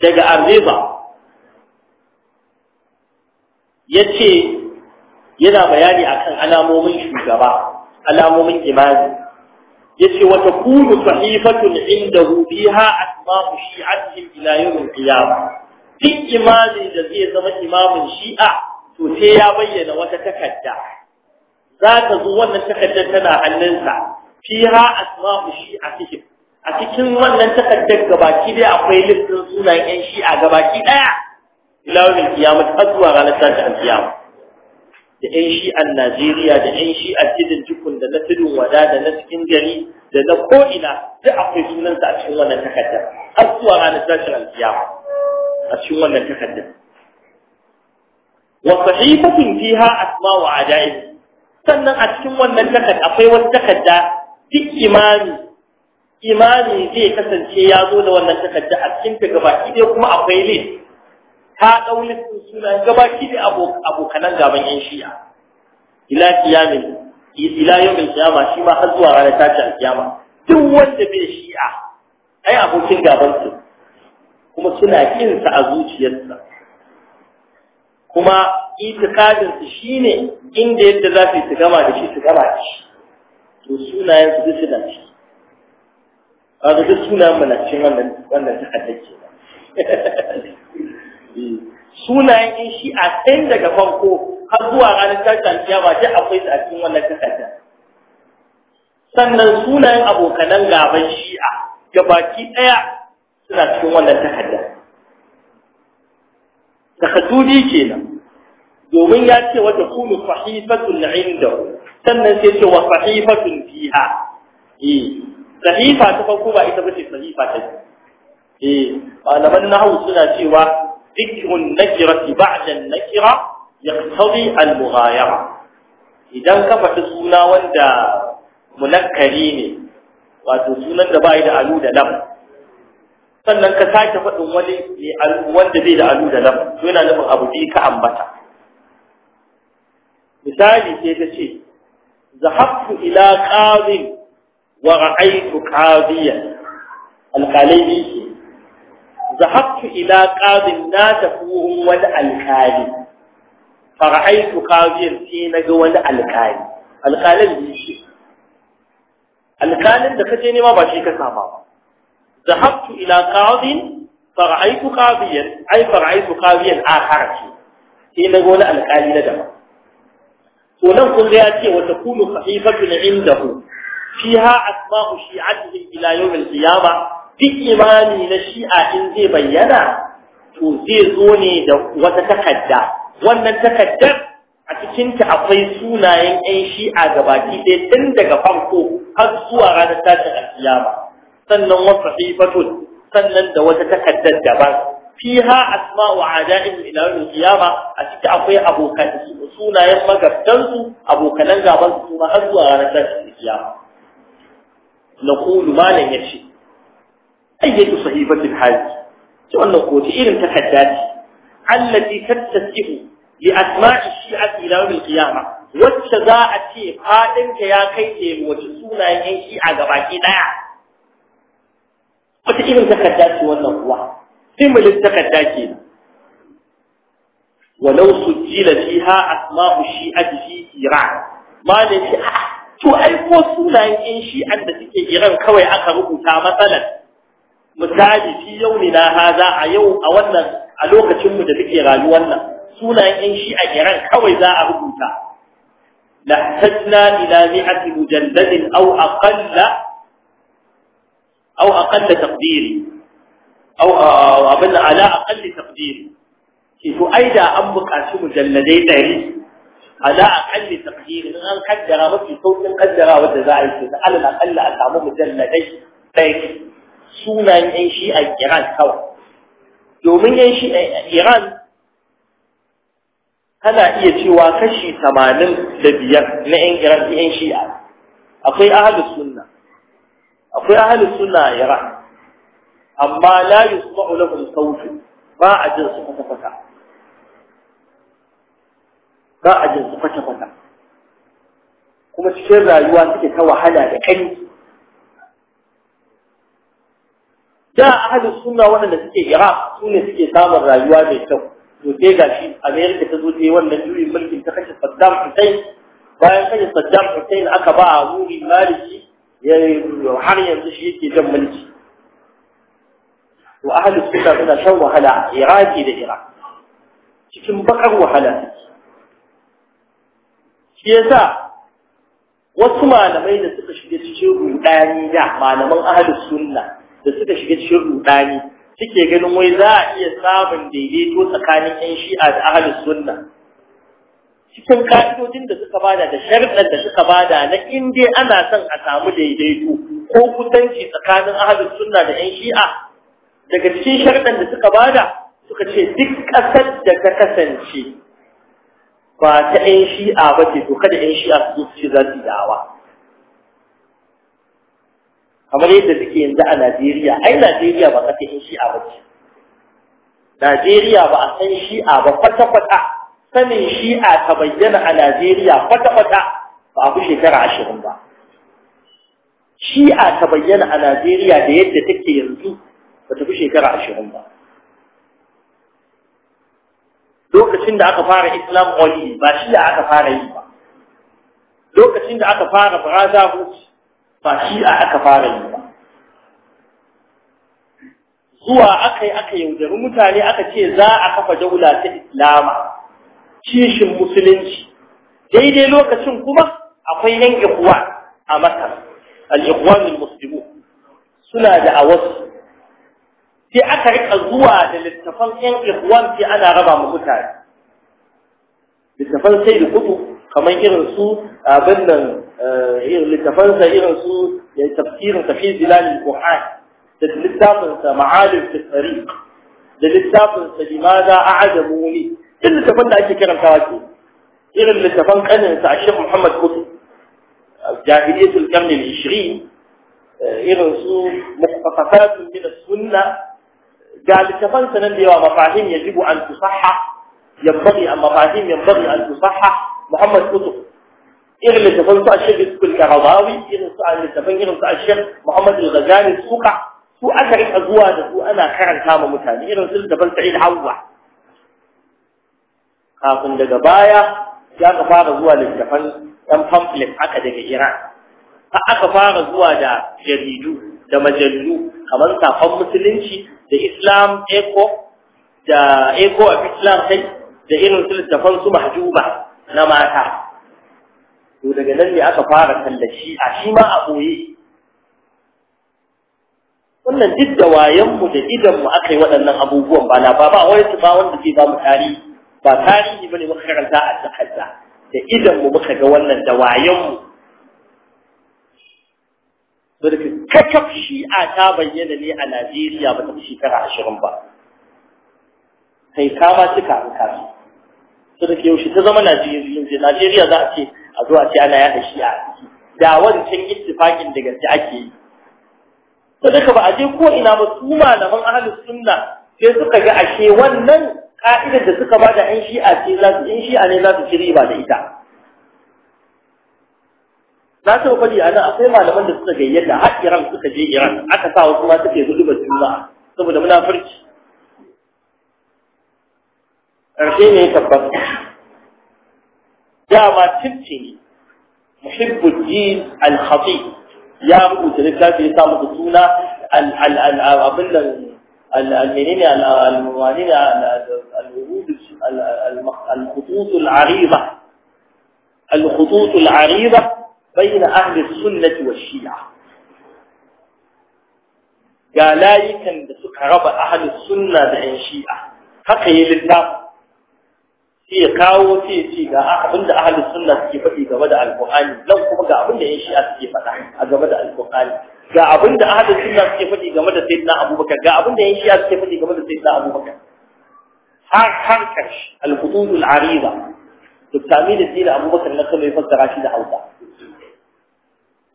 daga arriba Ya ce yana bayani akan alamomin shugaba alamomin imani ce wata takunu sahifatun indahu biha asma'u shi'atihim ila yawm al-qiyamah duk imani da zai zama imamin shi'a to sai ya bayyana wata takarda za ta zo wannan takardar tana hannunsa fiha asma'u shi'atihim a cikin wannan takardar gabaki dai akwai listin sunayen yan shi'a gabaki daya ila yawmin qiyamah har zuwa ranar tashin alkiyama da ƴan a Najeriya da ƴan a cikin Jukun da na Tudun Wada da na cikin gari da na ko'ina duk akwai sunansa a cikin wannan takarda har zuwa ranar tashin alkiyama a cikin wannan takarda. wa sahifatin fiha asma wa ajaib sannan a cikin wannan takarda akwai wata takarda duk imami imami zai kasance ya zo da wannan takarda a cikin ta gaba kuma akwai list ta ɗau suna sunayen gabaki da abokanan gaban yan shi'a ila kiyamin ila mai kiyama shi ma har zuwa ranar tashi alkiyama duk wanda bai shi'a ai abokin gaban su kuma suna kin sa a zuciyarsa kuma itikadin su shine inda yadda za su yi su gama da shi su gama da shi to sunayen su duka suna ciki kaga duk sunayen mu na cikin wannan wannan takardar ke Eh, sunayen in shi a tsayin daga farko har zuwa ranar tashin ba ce akwai su a cikin wannan takarda sannan sunayen abokanan gaban shi'a gabaki ɗaya suna cikin wannan takarda takadudi kenan domin ya ce wata kunu na inda sannan sai ce wa fahifatun fiha eh sahifa ta farko ba ita ce sahifa ta eh malaman hau suna cewa ذكر النكرة بعد النكرة يقتضي المغايرة idan ka faɗi suna wanda munakkari ne wato sunan da bai da alu da sannan ka sake faɗin wani wanda bai da alu da lam to yana nufin abu bi ka ambata misali sai ta ce zahabtu ila qadin wa ra'aytu qadiyan alqalai zahabtu ila qadin na tafi wurin wani alƙali fara'aitu qadiyan sai naga wani alƙali alƙalin da shi alƙalin da kaje nema ba shi ka saba ba zahabtu ila qadin fara'aitu qadiyan ai fara'aitu qadiyan akhar sai naga wani alƙali na daban to nan kun ya ce wa takunu khafifatun indahu fiha asma'u shi'atihi ila yawm al duk imani na shi'a in zai bayyana to zai zo ne da wata takadda wannan takaddar a cikinta akwai sunayen 'yan shi'a gabaki ɗaya tun daga farko har zuwa ranar tashin alkiyama sannan wasu hifatun sannan da wata takaddar daban fiha asma'u a'da'in ila yawm qiyama a ciki akwai abokan sunayen magabtansu, su abokanan gaban su ma har zuwa ranar tashin alkiyama naqulu ya ce. ayyatu sahifatil haji ce wannan ko ta irin takadda ce allati tattasihu li asma'i shi'ati ila yawm al wacce za a ce fadin ya kai ne wace sunayen yan shi'a gabaki daya wata irin takadda ce wannan kuwa similin takadda ke walau sujjila fiha asma'u shi'ati fi iran ma to sunayen yan shi'an da suke iran kawai aka rubuta matsalar misali fi yau ne na haza a yau a wannan a lokacinmu da muke rayuwar nan sunayen yan shi a iran kawai za a rubuta la hajna ila mi'ati mujalladin aw aqalla aw aqalla taqdiri aw abin ala aqalli taqdiri ki to ai da an buƙaci mujalladai ɗari ala aqalli taqdiri in an kaddara mafi saukin kaddara wanda za a yi ke alal aqalla a samu mujalladai ɗari sunayen shi shi'a Iran kawai. Domin shi shi'a Iran kana iya cewa kashi tamanin da biyar na ‘yan Iran ‘yan shi'a. Akwai ahalus suna, akwai ahalus suna a Iran, amma la yi su ma'ulakun sautu ba a jin su kwata-kwata. Ba a jin su kwata-kwata. Kuma cikin rayuwa suke ta wahala da ƙanki. da ahalin suna waɗanda suke iraq su ne suke samun rayuwa mai kyau to sai ga shi da ta zo ta yi wannan juyin mulkin ta kashe saddam hussein bayan kashe saddam hussein aka ba a wuri maliki ya har yanzu shi yake jan mulki to ahalin suna suna shan wahala a iraki da iraq cikin bakar wahala shi yasa wasu malamai da suka shiga cikin rudani da malaman ahalin sunna da suka shiga cikin rudani suke ganin wai za a iya samun daidaito tsakanin yan shi'a da ahlus sunna cikin ka'idojin da suka bada da sharɗan da suka bada na in dai ana son a samu daidaito ko kusanci tsakanin ahlus sunna da yan shi'a daga cikin sharɗan da suka bada suka ce duk ƙasar da ta kasance ba ta yan shi'a ba ce to kada yan shi'a su ce za su dawa kamar yadda suke yanzu a Najeriya ai Najeriya ba kasa in shi'a ba ce Najeriya ba a san shi'a ba kwata-kwata sanin shi'a ta bayyana a Najeriya kwata-kwata ba a fi shekara ashirin ba shi'a ta bayyana a Najeriya da yadda take yanzu ba ta fi shekara ashirin ba lokacin da aka fara islam oli ba shi'a aka fara yi ba lokacin da aka fara brotherhood ba shi a aka fara yi ba zuwa aka yi aka yaudari mutane aka ce za a kafa daula ta islama kishin musulunci daidai lokacin kuma akwai yan ikuwa a masar al musulmi suna da a wasu sai aka rika zuwa da littafan yan ikuwan sai ana raba mu mutane littafan sai da kudu kamar irin su abin nan ايه اللي تفنسه ايه رسول يعني تفسير وتفسير دلال الوحاة لتفنسه معالم في الطريق لتفنسه لماذا أعدموني ايه اللي تفنسه إيه الشيخ محمد كتب جاهلية القرن العشرين ايه رسول مخطفات من السنة قال لتفنسه نبيه مفاهيم يجب أن تصحح ينبغي المفاهيم ينبغي أن تصحح محمد كتب irin littafan su a shek iskul karabawi irin su a littafan irin su a shek muhammad al-ghazali suka su aka rika zuwa da su ana karanta ma mutane irin su littafan sa'id hawwa kafin daga baya ya ka fara zuwa littafan ɗan pamphlet aka daga iran aka fara zuwa da jaridu da majallu kamar safan musulunci da islam eco da eco islam kai da irin su littafan su mahjuba na mata to daga nan ne aka fara tallafi a shi ma a ɓoye wannan duk da wayanmu da idanmu aka yi waɗannan abubuwan ba na ba ba wani su ba wanda zai ba mu tarihi ba tarihi ba ne muka karanta a takarda da idanmu muka ga wannan da wayanmu zurfi kakaf shi'a ta bayyana ne a Najeriya ba ta fi shekara ashirin ba. Kai ba cika an kasu. Zurfi yaushe ta zama Najeriya, Najeriya za a ce a zuwa ce ana yada shi a da wancan ittifaqin da gaske ake yi to duka ba a je ko ina ba su malaman ahlus sunna sai suka ga ashe wannan ka'idar da suka bada in shi'a ce za su in shi'a ne za su kiri riba da ita na ta fadi a nan akwai malaman da suka gayyata har Iran suka je Iran aka sa wasu ma suke gudubar sunna saboda munafurci sai ne tabbata دعما تبتني محب الدين الخطيب يا ابو تريكات اللي تعمل بطولة عبد المنيني الموالين الوجود الخطوط العريضة الخطوط العريضة بين أهل السنة والشيعة قال لا يمكن أن تكرب أهل السنة بين شيعة حقه للنفس sai ya kawo sai ya ce ga abinda da ahalin sunna suke faɗi game da alƙur'ani nan kuma ga abin da yan shi'a suke faɗa a game da alƙur'ani ga abinda da ahalin sunna suke faɗi game da sayyidina abubakar ga abin da yan shi'a suke faɗi game da sayyidina abubakar har har karshe al-hudud al-ariba da sayyidina abubakar na kallon ya fassara shi da hausa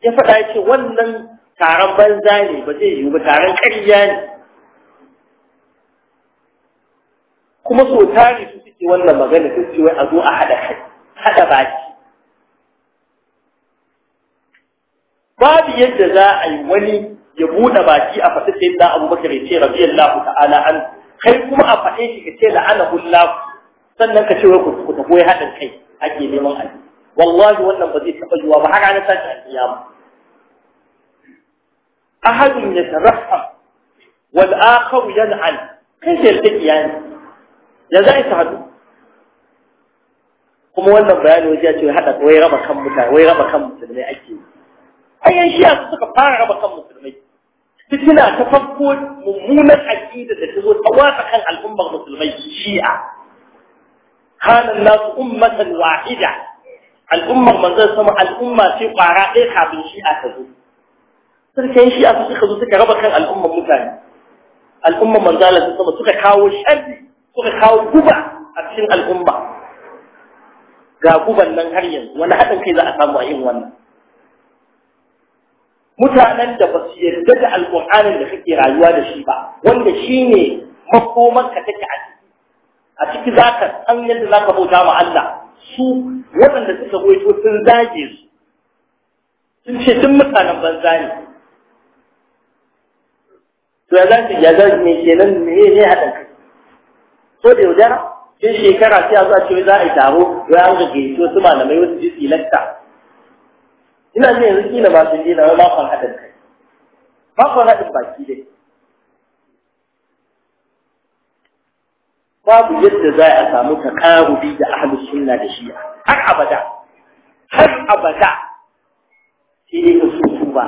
ya faɗa ya ce wannan taron banza ne ba zai yi ba taron ƙarya ne kuma so tari wannan magana sun ce wai a zo a haɗa kai haɗa baki babu yadda za a yi wani ya buɗe baki a faɗi sai da abu bakar ya ce radiyallahu ta'ala an kai kuma a faɗe shi ka ce la'anahu Allah sannan ka ce wai ku tafi haɗin kai ake neman aji wallahi wannan ba zai taɓa zuwa ba har ranar tashi a kiyama ahadun ya taraham wal akhar yan'al kai sai ta kiyani ya zai ta hadu kuma wannan bayani wajen ya ce haɗa wai raba kan mutane wai raba kan musulmai ake yi ayyan shiya su suka fara raba kan musulmai fitina ta farko mummunan aƙida da ta zo ta watsa kan al'ummar musulmai shi'a kana nasu ummatan wahida al'ummar manzon sama al'umma ce kwara ɗaya kafin shi'a ta zo sarkin shi'a su suka zo suka raba kan al'ummar mutane al'ummar manzon sama suka kawo sharri suka kawo guba a cikin al'umma ga guban nan har yanzu wani haɗin kai za a samu a yin wannan mutanen da ba su yarda da alƙur'anin da kake rayuwa da shi ba wanda shi ne makomanka take a ciki a ciki za ka san yadda za ka bauta ma Allah su waɗanda suka goyito sun zage su sun ce sun mutanen banza ne to ya za ya za me kenan me ne haɗin kai so da yaudara sai shekara sai a zuwa ce za a yi taro wai an gaje to su malamai wasu jisi lakta ina ne yanzu kila ba su dina wai makon haɗin kai makon haɗin baki dai babu yadda za a samu ta karubi da ahlus sunna da shi'a har abada har abada shi ne ka su tuba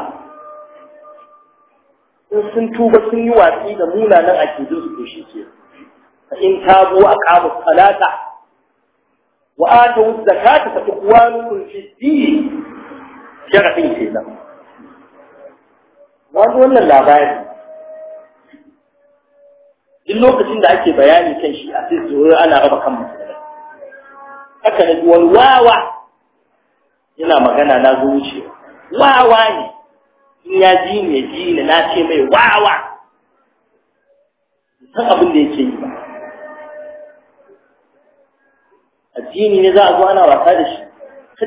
in sun tuba sun yi watsi da munanan akidun su to shi kenan فإن تابوا أقاموا الصلاة وآتوا الزكاة فإخوانكم في الدين شرعي Na wani wannan labari duk lokacin da ake bayani shi a sai tsoro ana raba kan musulmai haka na wani wawa yana magana na wuce wawa ne in ya ji ne ji ne mai wawa addini ne za a zo ana wasa da shi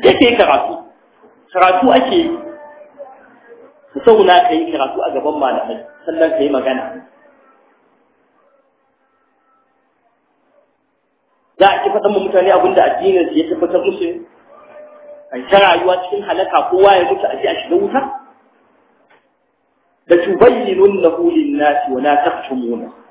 ka je ka yi karatu karatu ake yi ka sauna ka yi karatu a gaban malamai sannan ka yi magana za a ki faɗin mutane abin da addinin su ya tabbatar musu a ta rayuwa cikin halaka kowa ya mutu a ji a wuta da na lin-nasi wa tafi tumuna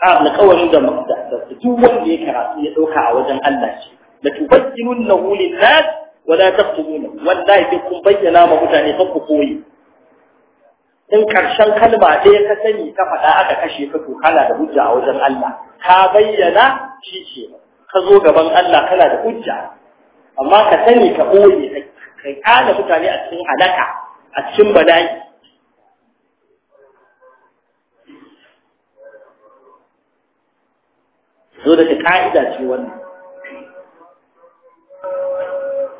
alƙawarin da duk wanda ya karatu ya ɗauka a wajen Allah ce la tubajjilunnahu lin-nas wa la taqtumuna wallahi duk kun bayyana ma mutane kan ku koyi in karshen kalma ɗaya ka sani ka faɗa aka kashe ka to kana da hujja a wajen Allah ka bayyana shi ce ka zo gaban Allah kana da hujja amma ka sani ka koyi ka kana mutane a cikin alaka, a cikin bala'i zo daga ka'ida ce wannan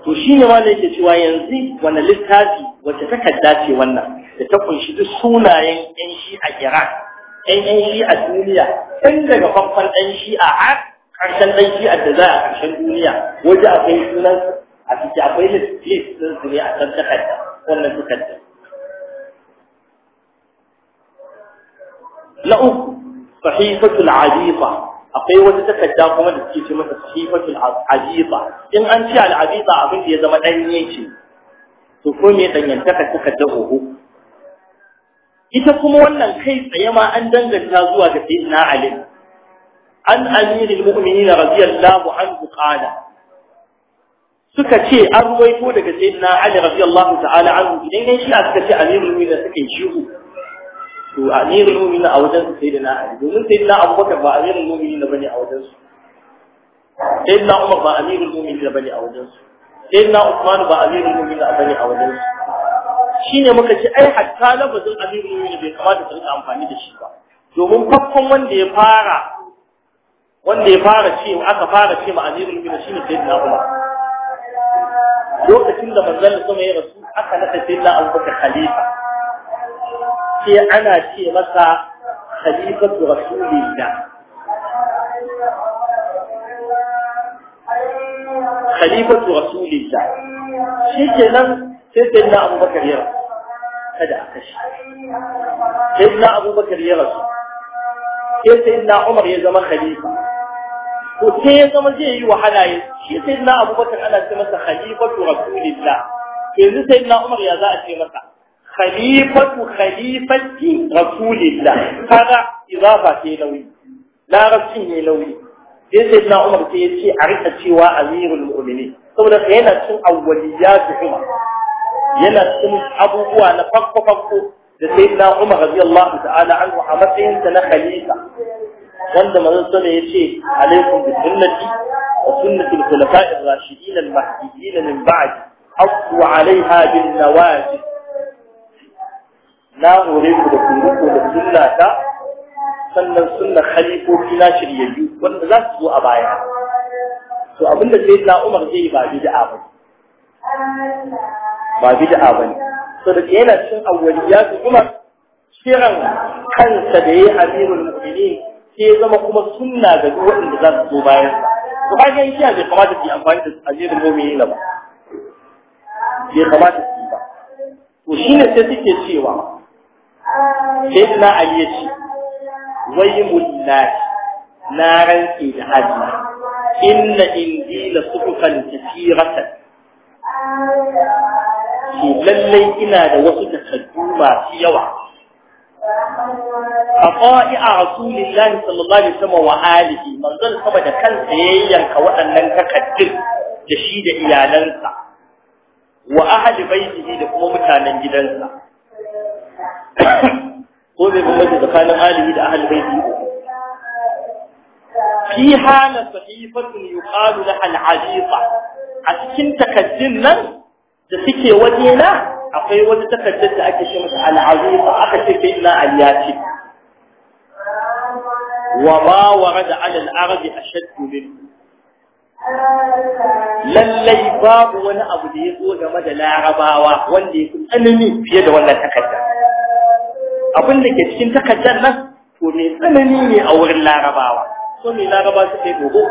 to shi ne wanda yake cewa yanzu wani littafi wacce takarda ce wannan da ta kunshi duk sunayen yan shi a iran yan yan shi a duniya tun daga farkon ɗan shi a har ƙarshen ɗan shi a da za a ƙarshen duniya waje akwai sunan a ciki akwai list ɗin su ne a can takarda wannan kadda. na uku sahifatul adifa akwai wata takarda kuma da suke ce masa sifatul aziza in an ce al aziza abin da ya zama danye ce to ko me danyantaka takarda hoho. ita kuma wannan kai tsaye ma an danganta zuwa ga sayyidina ali an amirul mu'minin radiyallahu anhu qala suka ce an ruwaito daga sayyidina ali radiyallahu ta'ala anhu idan yan shi'a suka ce amirul mu'minin suka yi shi'u to amirul na a wajen su sai da na ali domin sai na bakar ba amirul mu'minin bane a wajen su sai na umar ba amirul mu'minin bane a wajen su sai na usman ba amirul mu'minin bane a wajen su shine muka ce ai hatta lafazin amirul mu'minin bai kamata su rika amfani da shi ba domin farkon wanda ya fara wanda ya fara ce aka fara ce ma amirul mu'minin shine na umar lokacin da manzon sama ya rasu aka nada na abubakar khalifa sai ana ce masa khalifatu rasulillah khalifatu rasulillah sai na ya kada a sai ya rasu sai sai umar ya zama khalifa ko sai ya zama zai yi wahala ya shi sai ana ce masa khalifatu rasulillah sai umar ya za a ce masa khalifatu khalifati rasulillah kaga izafa ce nauyi larabcin ne nauyi sai sai na umar sai yace a rika cewa amirul mu'minin saboda yana cin awwaliyatu umar yana cin abubuwa na fakko fakko da sai na umar radiyallahu ta'ala anhu a matsayin sa na khalifa wanda manzon sallallahu yace alaikum bi sunnati wa sunnati al-khulafa'ir rashidin al-mahdiyyin min ba'di aqu 'alayha bin nawajib na hore ku da ku da sunna ta sannan sunna khalifofi na shiryayyu wanda za su zo a baya to abinda sai na Umar zai yi ba bid'a ba ba bid'a ba ne so da yana cin ya awwaliyatu Umar kiran kansa da yayi amirul mu'minin sai ya zama kuma sunna ga duk wanda za su zo bayan sa to kaga shi bai kamata ki amfani da amirul mu'minin ba bai kamata ki ba to shine sai suke cewa sai na ayyaci waymun nas na rantsi da Allah inna injila suhufan kathiratan Ke lallai ina da wasu takaddu masu yawa a رسول الله صلى الله عليه sama وآله من ظل سبا da kansa yanka waɗannan takaddun da shi da iyalansa wa ahli baitihi da kuma mutanen gidansa ko bai bambanci tsakanin alihi da ahal baiti fi hana sahifatun yuqalu laha al a cikin takaddin nan da suke waje na akwai wata takaddar da ake ce mata al-aziza aka ce sai ina aliyati wa ma warada alal al a ashaddu minhu lallai babu wani abu da ya zo game da larabawa wanda ya fi tsanani fiye da wannan takarda abin da ke cikin takardar nan to mai tsanani ne a wurin larabawa so mai laraba suka yi dogo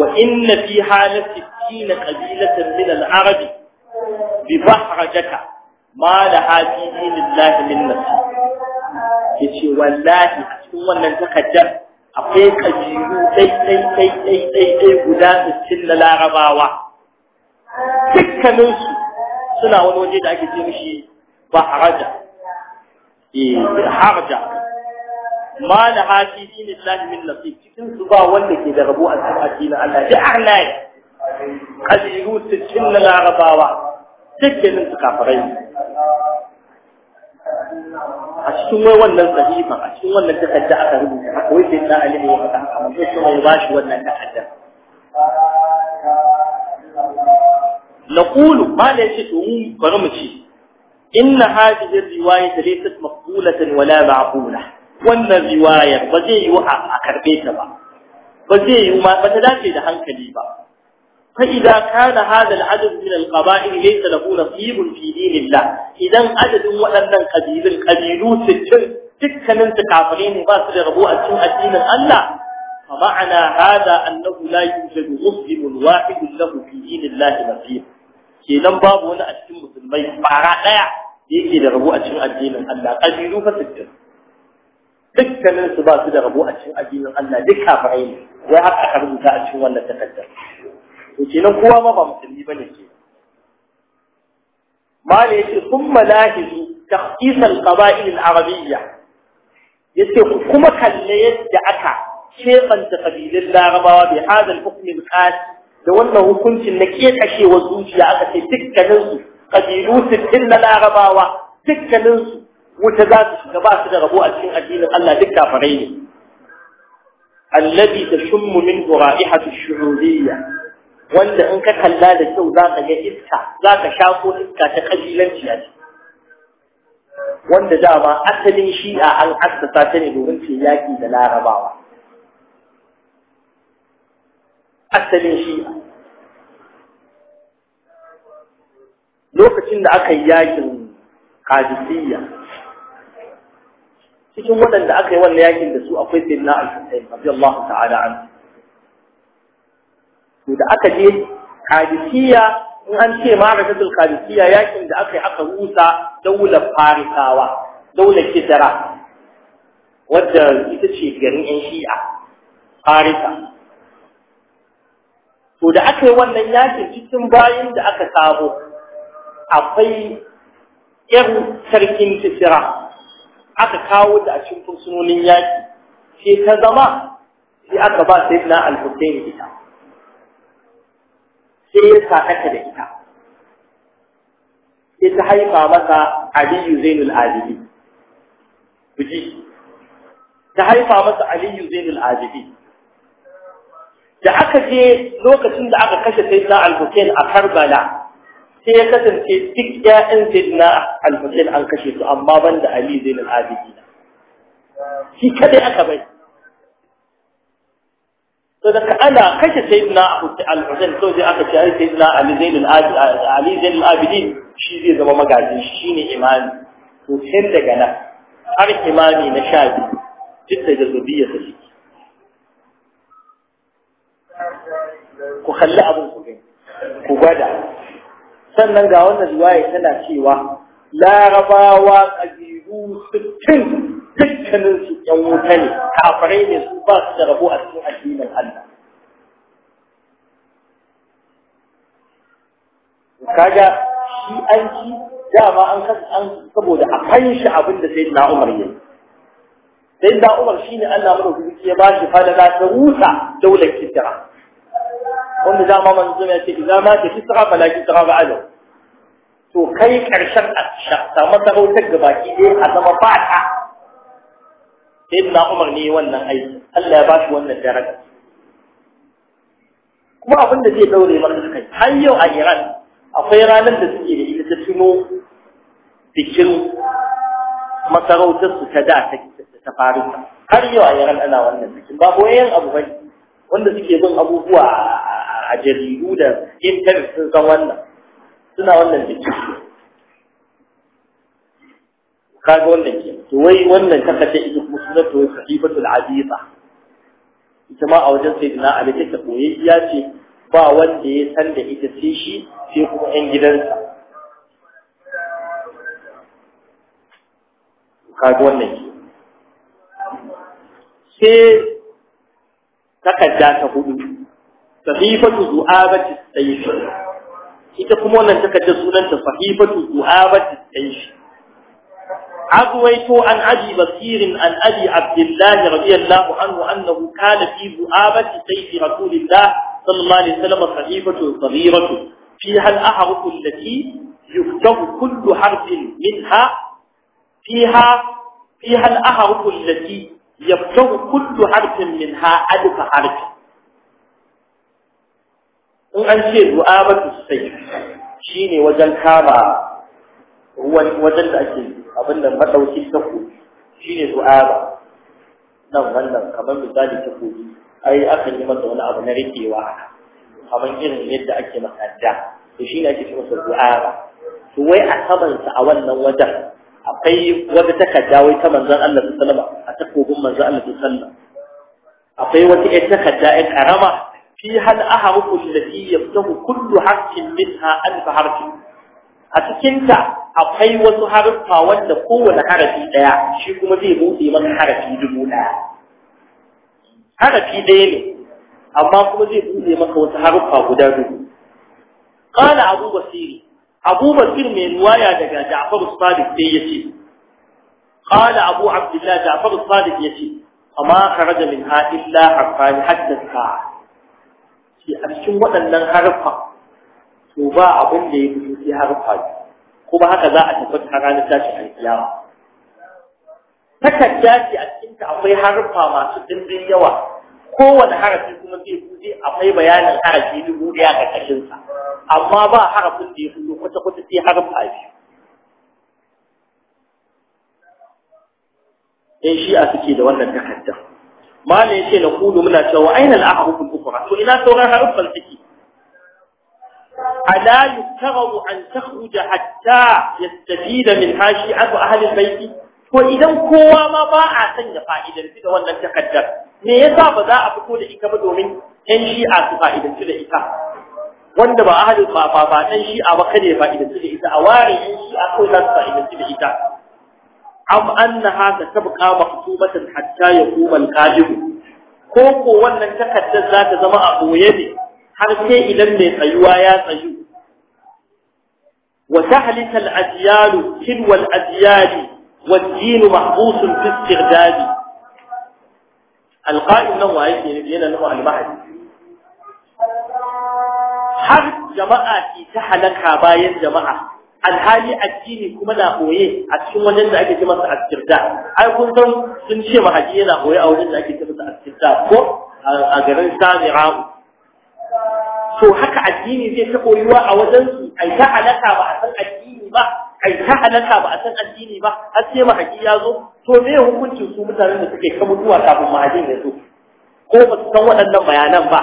wa inna fi halatti kina qabilatan min al-arab bi bahrajaka ma la hafi lillahi min nafsi yace wallahi a cikin wannan takaddar akwai kabilu dai dai dai dai dai dai guda 60 na larabawa dukkaninsu suna wani waje da ake ce mishi bahraja Eh, harja ma la hati din Allah min nasib cikin su ba wanda ke da rabo a cikin Allah da arnai kabiru na larabawa dukkanin su kafirai a cikin wai wannan sahifa a cikin wannan takarda aka rubuta haka wai sai na alihi wa haka haka mutum kuma ya bashi wannan takarda kulu. ma la yashi to mu bari mu ci إن هذه الرواية ليست مقبولة ولا معقولة وأن الرواية بزي أكربيت با بزي ما بتلاقي ده هنكلي با فإذا كان هذا العدد من القبائل ليس له نصيب في دين الله إذا عدد وأن قبيل قبيلو ستر تكنن تكافرين باسر ربوء الدين الله فمعنى هذا أنه لا يوجد مسلم واحد له في دين الله نصيب kenan babu wani a cikin musulmai fara daya yake da rabo a cikin addinin Allah kabilu fa sittin dukkanin su ba su da rabo a cikin addinin Allah duk kafirai ne wai haka aka rubuta a cikin wannan takaddar to kenan kowa ma ba musulmi bane ke mala yace thumma lahizu taqis al-qaba'il al-arabiyya yace kuma kalle yadda aka shefanta kabilan larabawa bi hadal hukm al-qasi da wannan hukuncin na kekashewar zuciya aka ce dukkaninsu ƙabilu sittin na larabawa dukkaninsu wuta za su shiga ba su da rabo a cikin addinin Allah duk kafirai ne alladhi tashummu min ra'ihatu shuhudiyya wanda in ka kalla da kyau za ka ga iska za ka shako iska ta kabilanci a ciki wanda dama asalin shi'a an assasa ta ne domin ce yaƙi da larabawa asalin shi'a lokacin da aka yi yakin kajisiyya cikin waɗanda aka yi wannan yakin da su akwai na al-husayn allah ta'ala an to da aka je kajisiyya in an ce ma'arakatul kajisiyya yakin da aka yi aka rusa daular farisawa daular kidara wadda ita ce garin yan shi'a farisa to da aka yi wannan yake cikin bayan da aka sabo akwai yan sarkin kisira aka kawo da a cikin fursunonin yaki sai ta zama sai aka ba sai na alhussein ita sai ya aka da ita sai ta haifa masa aliyu zainul abidi kuji ta haifa masa aliyu zainul abidi da aka je lokacin da aka kashe sayyidina al-Husayn a Karbala sai ya kasance duk 'ya'yan ƴaƴan sayyidina al-Husayn an kashe su amma ban da Ali Zainul Abidin shi kadai aka bai to da ana kashe sayyidina al-Husayn to sai aka ce ai sayyidina Ali Zainul Abidin Ali Zainul Abidin shi zai zama magajin shine imami to sai daga nan har imani na sha biyu duk da jazubiyyarsa shi ku kalli abin ku ku gwada sannan ga wannan riwaya tana cewa larabawa ƙabilu sittin dukkanin su ƴan wuta ne kafirai ne su ba su da rabo a cikin addinin Allah kaga shi an ci dama an kasa an saboda a kan shi abin da sayyidina Umar yayi sayyidina Umar shine Allah madaukakin ya ba shi fadala ta rusa daular kidira wanda dama manzo ya ce idan ma ta kisra fala ba ado. to kai karshen ashaqta masarautar gabaki dai a zama fata sayyidina Umar ne wannan aiki Allah ya ba shi wannan daraja kuma abin da zai daure maka kai har yau a Iran akwai ranar da suke da ita ta tuno bikin masarautar su ta da ta ta faru har yau a Iran ana wannan bikin ba boyen abu bane wanda suke bin abubuwa a jaridu da intanet sun san wannan suna wannan jiki kaga wannan ke to wai wannan ta kace ita kuma suna to al aziza ita ma a wajen sayyidina ali take ya ce ba wanda ya san da ita sai shi sai kuma yan gidansa kaga wannan ke sai takarda ta hudu sahifatu du'abati sayfi ita kuma wannan takarda sunanta sahifatu du'abati sayfi عضويت عن أبي بصير عن أبي عبد الله رضي الله عنه أنه كان في ذؤابة سيف رسول الله صلى الله عليه وسلم صحيفة صغيرة فيها الأحرف التي يكتب كل حرف منها فيها فيها الأحرف التي يبتغ كل harfin منها أدف حرف in an ce du'abatu sayf shine wajen kama wajen da ake abinda madauki tako shine نعم nan wannan kamar misali tako ai akan yi masa wani abu na rikewa kamar irin yadda ake makaranta, to ne ake cewa du'aba to wai a sa a wannan wajen akwai wata takarda wai ta manzon Allah sallallahu alaihi a takobin manzon Allah sallallahu akwai wata ƴar takarda ƴar karama fi hal ahrufu allati yaftahu kullu harfin minha alf harfi a cikin ta akwai wasu harfa wanda kowane harafi daya shi kuma zai bude maka harafi dubu daya harafi daya ne amma kuma zai bude maka wasu harfa guda dubu qala abu basiri أبو بكر من رواية جعفر الصادق يتي قال أبو عبد الله جعفر الصادق يتي وما خرج منها إلا حرفان حتى الساعة في أسجن وأن حرفا وباع أبن لي في حرفا كما هكذا أتفت حران الساعة الكيامة تكتاتي أسجنك أبي حرفا ما سدن باليوم kowane harafi kuma zai kuɗi akwai bayanin harafi ne guda a karkashin sa amma ba harafin da ya fito kwata kwata sai harfa biyu in shi'a suke da wannan ma ne ce na kudu muna cewa aina al-ahrufu al to ina sauran harafin suke ala yuktaru an takhruja hatta yastafida min hashi abu ahli al ko idan kowa ma ba a sanya fa'idar da wannan takaddar me yasa ba za a fito da ita ba domin ɗan shi'a su fa'idanci da ita wanda ba ahalin ba ba ba ɗan shi'a ba kada ya fa'idanci da ita a ware ɗan shi'a kawai za su fa'idanci da ita am annaha ta tabqa maktubatan hatta yaqum al-qadib ko ko wannan takaddar za ta zama a boye ne har sai idan mai tsayuwa ya tsayu wa tahlika al-ajyal tilwa al-ajyal والدين محبوس alqa'im nan waye ke yana nufin almahadi har jama'a ke ta halaka bayan jama'a alhali addini kuma na koye a cikin wajen da ake ce masa asirda ai kun san sun ce mahaji yana koye a wajen da ake ce masa ko a garin sami'a'u to haka addini zai ta koyuwa a wajen su ai ta halaka ba a san addini ba ai ta halaka ba a san addini ba har sai mahaji ya zo to me hukuncin su mutanen da suke kan mutuwa kafin mahajin ya zo ko ba su san waɗannan bayanan ba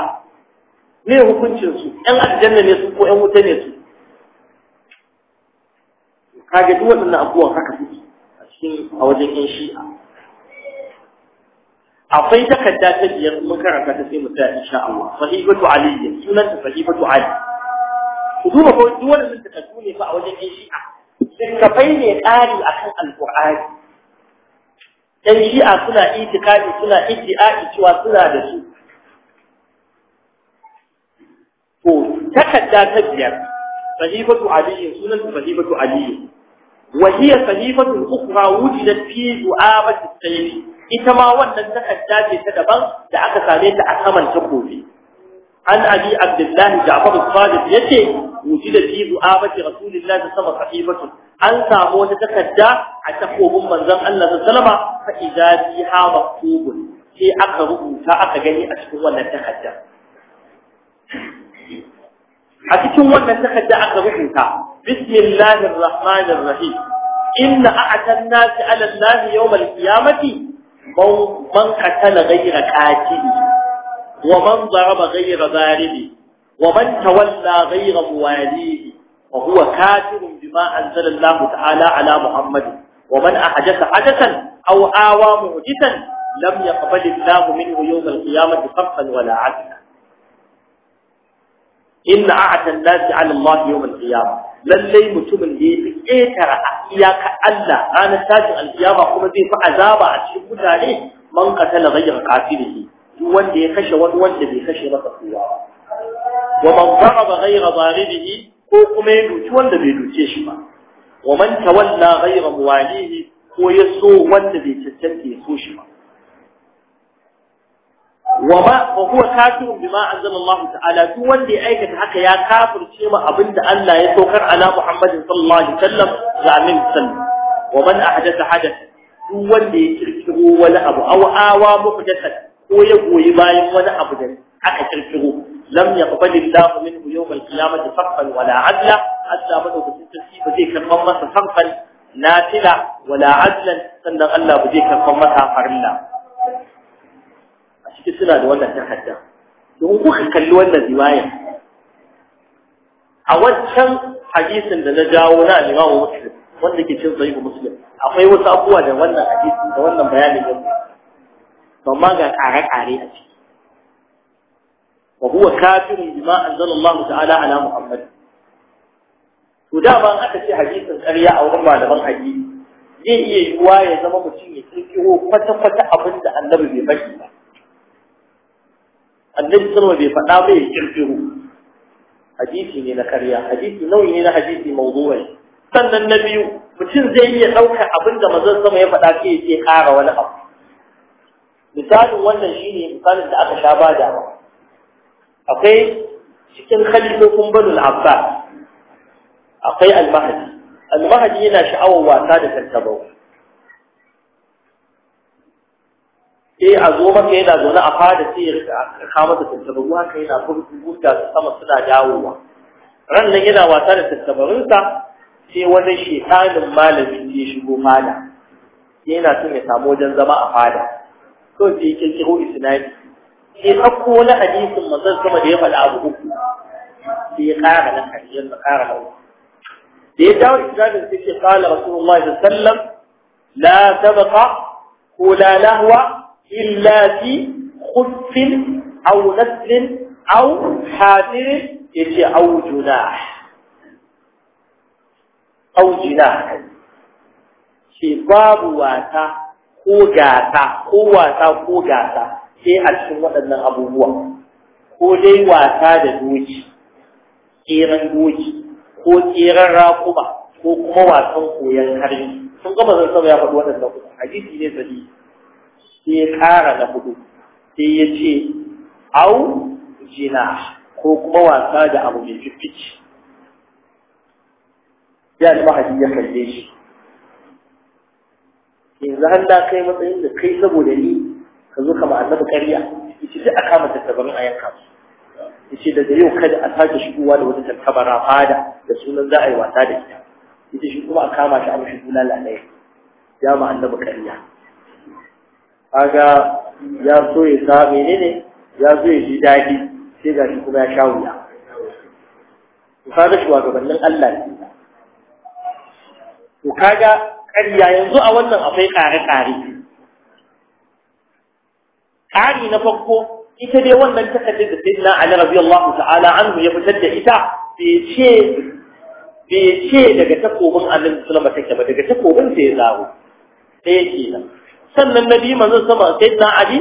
me hukuncin su ƴan aljanna ne su ko ƴan wuta ne su kage duk waɗannan abubuwan haka suke a cikin a wajen ƴan shi'a akwai takarda ta biyar mun karanta ta sai mu ta insha Allah sahibatu ali sunan sahibatu ali ku duba ko duk waɗannan takardu ne fa a wajen ƴan shi'a littafai ne ƙari akan alƙur'ani Ɗan shi'a suna itikadi suna iddi'ai cewa suna da su to takadda ta biyar sahifatu aliyu sunan sahifatu aliyu wa hiya sahifatu ukhra wujidat fi du'abati sayyid ita ma wannan takadda ce ta daban da aka same ta a saman takobi an ali abdullahi ja'far as-sadiq yace wujida fi du'abati rasulillahi sallallahu alaihi wasallam an samu wata takadda a takobin manzon Allah sallallahu alaihi wasallam fa idza sai aka rubuta aka gani a cikin wannan takadda a cikin wannan takadda aka rubuta bismillahir rahmanir rahim inna a'a ala allahi yawm al-qiyamati man qatala ومن ضرب غير ضاربه ومن تولى غير مواليه وهو كافر بما أنزل الله تعالى على محمد ومن أحدث حدثا أو آوى معجزا لم يقبل الله منه يوم القيامة خفا ولا عدلا إن أعدى الناس على الله يوم القيامة lallai mutumin da ya fi ƙetare iyaka Allah ranar tashin alkiyama kuma zai fi azaba a cikin mutane man qatala duk wanda ya kashe wani wanda bai kashe masa kowa ba wa man daraba ghayra zalibihi ko kuma ya duci wanda bai duce shi ba wa man tawalla ghayra muwalihi ko ya so wanda bai cancanta ya so shi ba wa ma wa huwa kafirun bima anzala Allah ta'ala duk wanda ya aikata haka ya kafirce ma abinda Allah ya saukar ala Muhammadin sallallahu alaihi wasallam zamin sallallahu wa man ahdatha hadatha duk wanda ya kirkiro wani abu aw awa muhdathan ko ya goyi bayan wani abu da aka kirkiro lam yaqbali Allahu minhu yawm al-qiyamati faqan wala adla hatta madaukakin sarki ba zai karban masa faqan nafila wala adlan sannan Allah ba zai karban masa farilla a ciki suna da wannan takadda don kuka kalli wannan riwaya a wancan hadisin da na jawo na al-Imam Muslim wanda ke cin sahih Muslim akwai wasu abubuwa da wannan hadisin da wannan bayanin amma ga ƙare-ƙare a ciki wa huwa kafirun bima anzalallahu ta'ala ala muhammad to da ban aka ce hadisin ƙarya a wurin malaman hadisi zai iya yiwuwa ya zama mutum ya kirkiro kwata-kwata abin da annabi bai faɗi ba annabi sama bai faɗa ba ya kirkiro hadisi ne na karya hadisi nau'i ne na hadisi mawdu'i sannan na biyu mutum zai iya ɗaukar abin da manzon sama ya faɗa sai ya ce ƙara wani abu misalin wannan shine misalin da aka sha badawa akwai cikin khalifofin al abbas akwai al-mahdi al-mahdi yana sha'awar wasa da tantabau sai eh, a zo maka yana zaune a fada sai ya kama da tantabau haka yana furta su sama suna dawowa ran nan yana wasa da tantabarunsa sai wani shekarun malami ya shigo fada yana son ya samu wajen zama a fada ko sai ya kirkiro isnadi sai ɗauko wani hadisin manzon sama da ya faɗa abu uku sai ya ƙara na hadisin ya ƙara na uku da ya dawo isnadin sai ya kala rasulullahi sallallahu alaihi wasallam la sabaqa ko la lahwa illa fi khuffin aw naslin aw hadir yace aw junah aw junah ce babu wata ko gasa ko wasa ko gasa sai a cikin waɗannan abubuwa ko dai wasa da doki ƙeran doki ko ƙeran raƙuma ko kuma wasan koyon hari sun gaba zan saba ya faɗi waɗannan kuɗi hadisi ne sai ya ƙara na hudu sai ya ce au jina ko kuma wasa da abu mai fiffici ya ji mahadi ya kalle shi yanzu har da kai matsayin da kai saboda ni ka zo kama annabi kariya Ita ce a kama tattabar a yanka su ce daga yau kada a sake shigowa da wata tantabara fada da sunan za a yi wasa da ita ita shi kuma a kama shi a mashi bulala ɗaya ya ma annabi ƙarya kaga ya so ya sa menene ya so ya ji daɗi sai ga shi kuma ya sha wuya to kaga shugabannin Allah ne to kaga ƙarya yanzu a wannan akwai ƙare-ƙare ƙari na farko ita dai wannan takardar da na Ali Allah ta'ala an ya fitar da ita bai ce daga takobin Annabi sulama alaihi wasallam ba daga takobin sai ya zawo sai nan sannan nabi manzon sama na Ali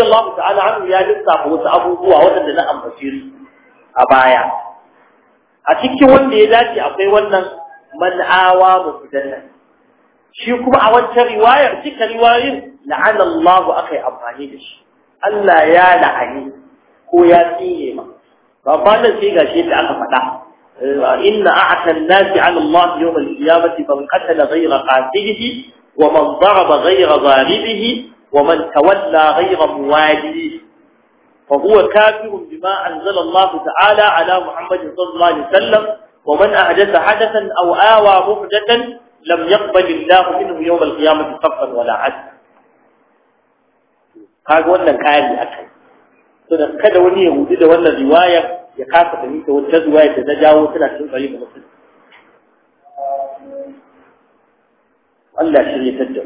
Allah ta'ala an ya lissafa wasu abubuwa waɗanda na ambace su a baya a cikin wanda ya dace akwai wannan mu fitar nan shi kuma a wancan riwayar duka riwayoyin la'ana Allahu akai amfani da shi Allah ya la'ani ko ya tsiye ma ba kwanan sai gashi yadda aka faɗa inna a'ata an-nasi 'ala Allah yawm al-qiyamati man qatala ghayra qatilihi wa man daraba ghayra zalibihi wa man tawalla ghayra muwalihi فهو كافر بما أنزل الله تعالى على محمد صلى الله عليه وسلم ومن أحدث حدثا أو آوى محدثا lam yaqbal Allah minhu yawm al-qiyamati saffan wala adl kaga wannan kari akai to da kada wani ya hudu da wannan riwaya ya kasa fahimta wata riwaya da na jawo tana cikin da muslim Allah shi ya tattara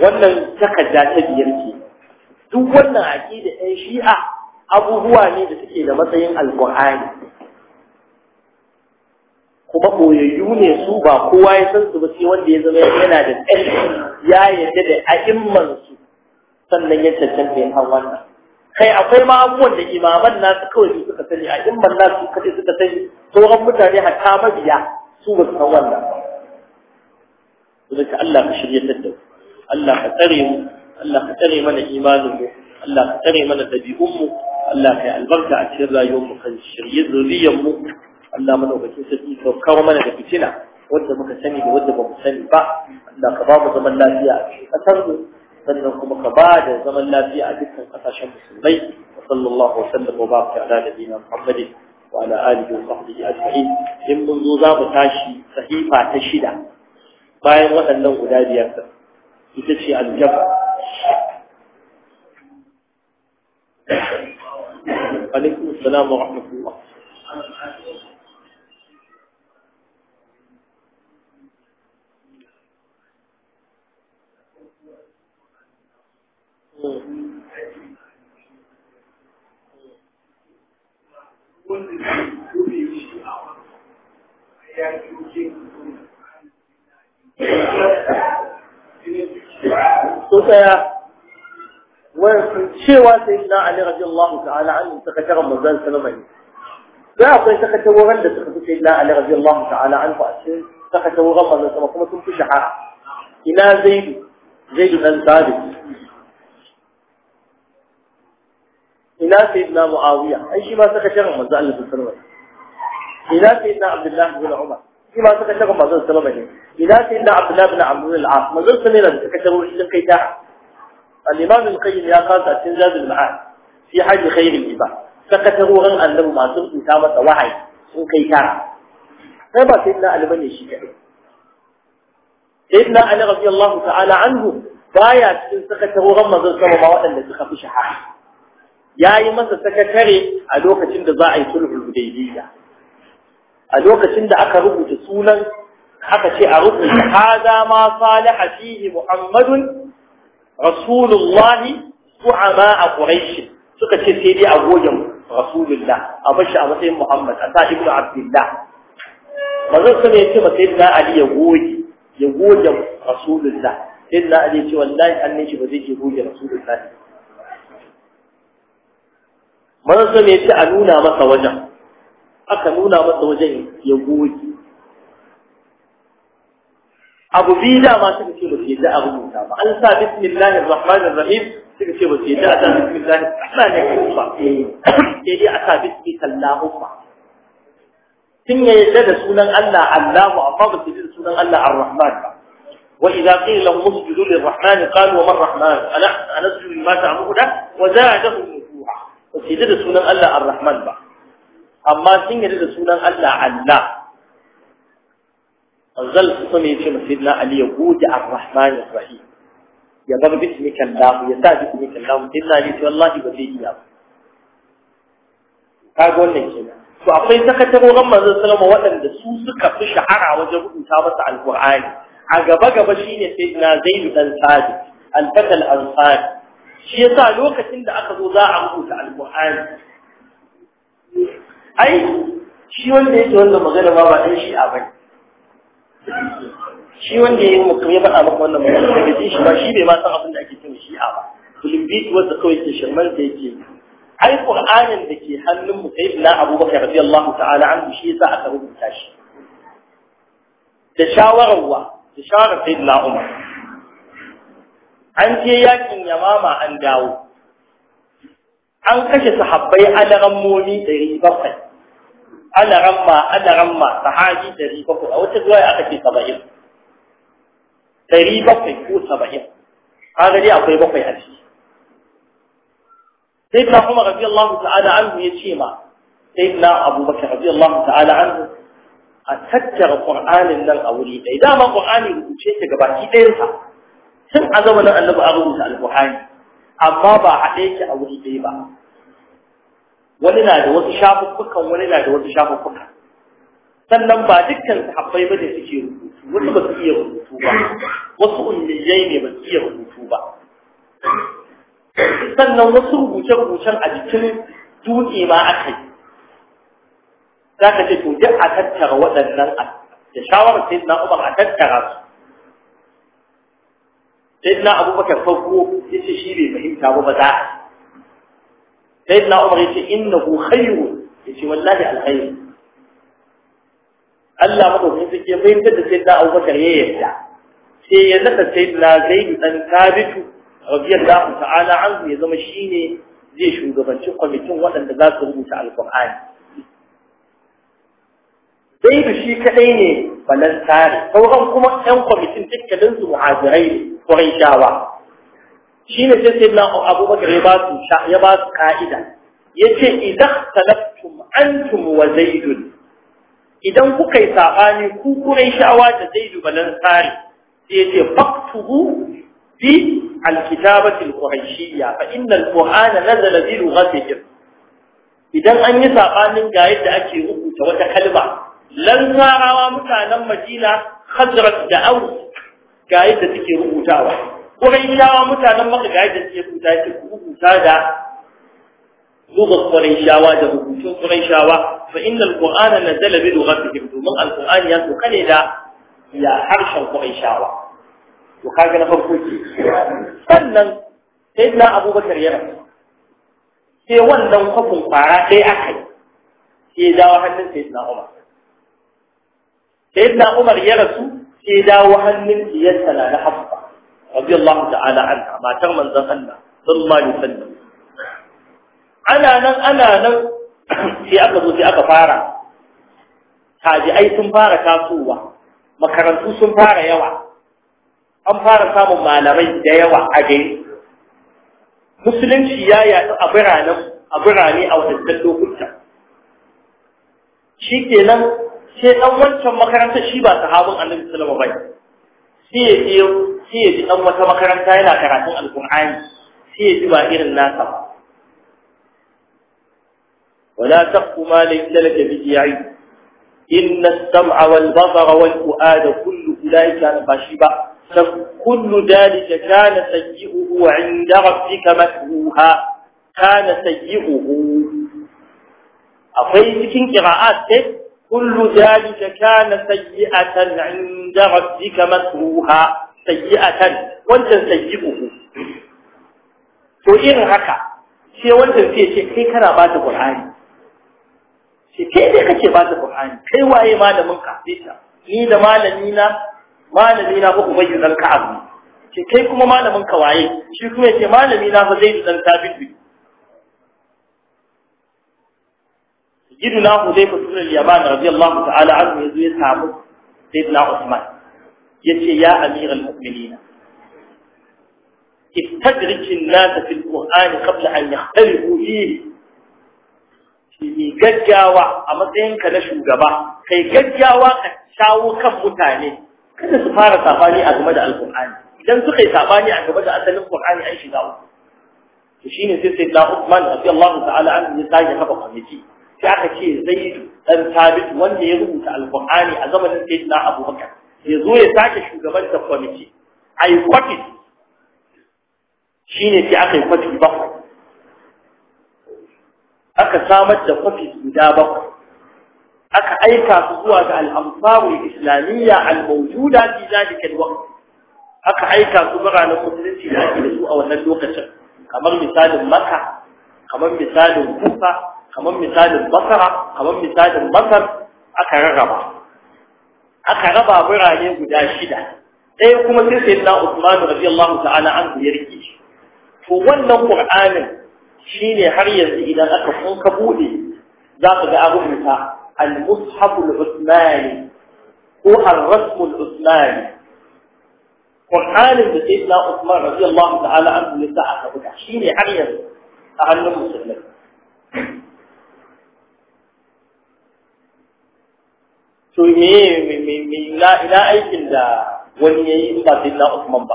wannan takarda ta biyar ce duk wannan aqida ɗin shi'a abubuwa ne da suke da matsayin alqur'ani kuma koyayyu ne su ba kowa ya san su ba sai wanda ya zama yana da tsayi ya yarda da a'imman su sannan ya tantance yin wannan kai akwai ma abubuwan da imaman nasu kawai suka sani a'imman nasu kaɗai suka sani an mutane hatta mabiya su ba su san wannan ba. Zaka Allah ka shirya da Allah ka tsare mu Allah ka tsare mana imanin mu Allah ka tsare mana dabi'un mu Allah ka yi albarka a cikin rayuwar mu kan shirye zuriyar mu Allah madaukakin sarki ka kawo mana da fitina wanda muka sani da wanda bamu sani ba Allah ka ba mu zaman lafiya a cikin kasar mu sannan kuma ka ba da zaman lafiya a dukkan kasashen musulmai wa sallallahu wa sallam wa baraka ala nabiyina Muhammadin wa ala alihi wa sahbihi ajma'in in mun zo za mu tashi sahifa ta shida bayan waɗannan guda biyar ita ce aljaba alaikum assalam wa rahmatullah كل يوم يمشي أعوان حياة يوجين Sosaya, cewa sai na Ali radiyallahu ta'ala an sakataren manzon sallama ne. Za akwai sakataworan da suka fi sai na Ali radiyallahu ta'ala an ku a cikin sakataworan manzon sallama kuma sun fi shahara. Ina Zaidu, Zaidu dan Sabit, ina sayyidina muawiya ai shi ma saka shirin manzo Allah sallallahu alaihi wasallam ina sayyidina abdullahi bin umar shi ma saka shirin manzo sallallahu alaihi wasallam ina sayyidina abdullahi bin amr bin al-as manzo sallallahu alaihi wasallam saka shirin shi kai ta al-imam al-qayyim ya kasa cikin zadul ma'ad fi haji khair al-ibad saka shirin annabi masu isa masa wahayi sun kai ta sai ba sayyidina ali bane shi kadai sayyidina ali radiyallahu ta'ala anhu baya cikin saka shirin manzo sallallahu alaihi wasallam waɗanda suka fi shahara ya yi masa sakatare a lokacin da za a yi sulhul hudaybiya a lokacin da aka rubuta sunan aka ce a rubuta hada ma salaha fihi muhammadun rasulullahi su'ama a quraish suka ce sai dai a gogen rasulullah a bashi a matsayin muhammad a sa ibnu abdullah manzon sama ya ce ba sayyidina ali ya goge ya goge rasulullah sayyidina ali ya ce wallahi annabi ba zai ke goge rasulullah manzo ne ce a nuna masa wajen aka nuna masa wajen ya goge abu biyu dama suka ce ba su yadda abu. rubuta ba an sa bismillahir rahmanir rahim suka ce ba su yadda a sa bismillahir rahmanir rahim ba sai dai a sa bismi sallahumma sun ya yadda da sunan Allah Allahu amma ba su yadda da sunan Allah ar-rahman ba wa idza qila lahum usjudu lir-rahmani qalu wa man rahman ana anasjudu lima ta'budu wa zaadahum ba su yi da sunan Allah ar-Rahman ba amma sun yi da sunan Allah Allah azal su sami ce masirna Ali ya goge ar-Rahman ar-Rahim ya zama bismika Allah ya sa bismika Allah inna li wallahi ba zai iya ba Ka ga wannan kenan to akwai sakatarorin manzon sallama waɗanda su suka fi shahara wajen rubuta masa alqur'ani a gaba gaba shine sayyidina Zaid dan Sabit al-Fatal Ansari shi yasa lokacin da aka zo za a rubuta alqur'ani ai shi wanda yake wannan magana ba ba dan shi a bai shi wanda ya yi mutum ya faɗa maka wannan magana Da jin shi ba shi bai ma san abin da ake cin shi a ba kulubbi wanda kawai ke shirman da yake ai qur'anin da ke hannun mu sai na abubakar radiyallahu ta'ala anhu shi yasa aka rubuta shi da wa da shawarar sayyidina umar an je yakin yamama an dawo an kashe sahabbai Momi ɗari bakwai ma, alaramma ma, sahabi ɗari bakwai a wata zuwa aka ce saba'in ɗari bakwai ko saba'in an dai akwai bakwai a ciki sai ta kuma rabi Allah ta'ala anhu ya ce ma sai na abubakar rabi Allah ta'ala anhu a tattara ƙur'anin nan a wuri ɗaya dama ƙur'ani rubuce ta gabaki ɗayansa tun a zamanin annabi an rubuta alƙur'ani amma ba haɗe yake a wuri ɗaya ba wani na da wasu shafuffukan wani na da wasu shafuffukan sannan ba dukkan sahabbai ba da suke rubutu wasu ba su iya rubutu ba wasu ummiyai ne ba su iya rubutu ba sannan wasu rubuce-rubucen a jikin dutse ma aka yi za ka ce to duk a tattara waɗannan da shawarar sai na umar a tattara su sai na abubakar farko ya ce shi bai fahimta ba ba za a sai na umar ya ce innahu khairu ya ce wallahi alkhairu Allah madaukakin sarki ya fahimtar da sai na abubakar ya yarda sai ya nada sai na zaidu dan kabitu radiyallahu ta'ala anhu ya zama shi ne zai shugabanci kwamitin waɗanda za su rubuta Alƙur'ani. zaidu shi kadai ne tsari. sauran kuma yan kwamitin dukkanin su muhajirai ne kurai shawa shi ne sai sai na abubakar ya ba su ya ba su ka'ida ya ce idan talaftum antum wa zaidun idan kuka yi saɓani ku kurai shawa da zaidu balantare sai ya ce faktuhu bi alkitabati alqurashiyya fa inna alqur'ana nazala bi lughatihim idan an yi saɓanin ga yadda ake rubuta wata kalma lansarawa mutanen madina hazrat da au ga yadda suke rubutawa ƙuraishawa mutanen maka ga yadda suke rubuta yake rubuta da lugar shawa. da rubutun ƙuraishawa fa inna alqur'ana nazala bi lughatihim domin alqur'ani ya sauka ne da ya harshen ƙuraishawa to kaga na farko ke sannan sai na abubakar ya rasu sai wannan kwafin kwara sai aka yi sai ya dawo hannun sai na umar sayyidina Umar ya rasu sai dawo hannun diyarsa na na Hafsa radiyallahu ta'ala anha matar manzon Allah sallallahu alaihi wasallam ana nan ana nan sai aka zo sai aka fara tabi'ai sun fara tasowa makarantu sun fara yawa an fara samun malamai da yawa a gai. musulunci ya yaɗu a biranen a birane a wadannan lokuta shikenan sai dan wancan makarantar shi ba sahabin annabi sallallahu alaihi wasallam sai ya je sai dan wata makaranta yana karatun alqur'ani sai ya ji ba irin nasa ba ولا تقف ما ليس لك به علم إن السمع والبصر والفؤاد كل أولئك كان باشبا كل ذلك كان سيئه عند ربك مكروها كان سيئه أفيد قراءات كل ذلك كان سيئة عند ربك مكروها سيئة وانت سيئه to irin haka sai wannan sai kai kana ba ta Qur'ani sai kai ne kake ba ta kai waye malamin ka ni da malami na malami na ko ubayyu dan sai kai kuma malamin waye shi kuma yace malami na fa zai dan Sabit sayyidina Hudayfa ibn al-Yaman radiyallahu ta'ala anhu yazo ya samu sayyidina Usman yace ya amir al-mu'minin istadrik an-nas fi al-Qur'an qabla an yahtalifu fihi ni gaggawa a matsayinka na shugaba kai gaggawa ka shawo kan mutane kada su fara safani a game da al alkur'ani idan suka yi safani a game da asalin qur'ani an shiga uku to shine sai sai la Uthman radiyallahu ta'ala anhu ya sake kafa kwamiti aka ce zaidu dan sabit wanda ya rubuta alqur'ani a zamanin sayyidina abubakar ya zo ya sake shugaban da komiti ai kwati shine sai aka yi kwati ba aka samar da kwati guda ba aka aika su zuwa ga al amsaru islamiyya al-mawjuda fi zalika al-waqt aka aika su biranen musulunci da ake da su a wannan lokacin kamar misalin makka kamar misalin kufa kamar misalin basara kamar misalin basar aka rarraba aka raba birane guda shida ɗaya kuma sai sai na Usman radiyallahu ta'ala an ya rike shi to wannan Qur'anin shine har yanzu idan aka kun ka bude za ka ga abu rubuta al-mushaf al ko al-rasm al Qur'anin da sai na Usman radiyallahu ta'ala an ya sa aka buga shine har yanzu a hannun musulmai to me ina aikin da wani yayi in ba sai na Usman ba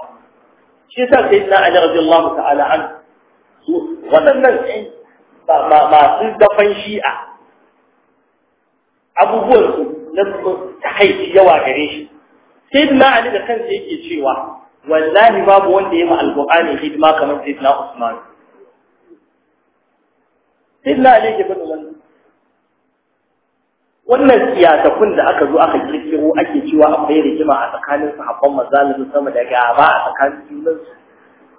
shi yasa sai na Ali radiyallahu ta'ala an su waɗannan masu dafan shi'a abubuwan su na ta tahaici yawa gare shi sai na Ali da kansa yake cewa wallahi babu wanda ya ma alqur'ani hidima kamar sai na Usman sai na Ali ke faɗa wannan wannan siyasakun da aka zo aka kirkiro ake cewa akwai rigima a tsakanin sahabban mazalimin sama da gaba a tsakanin junansu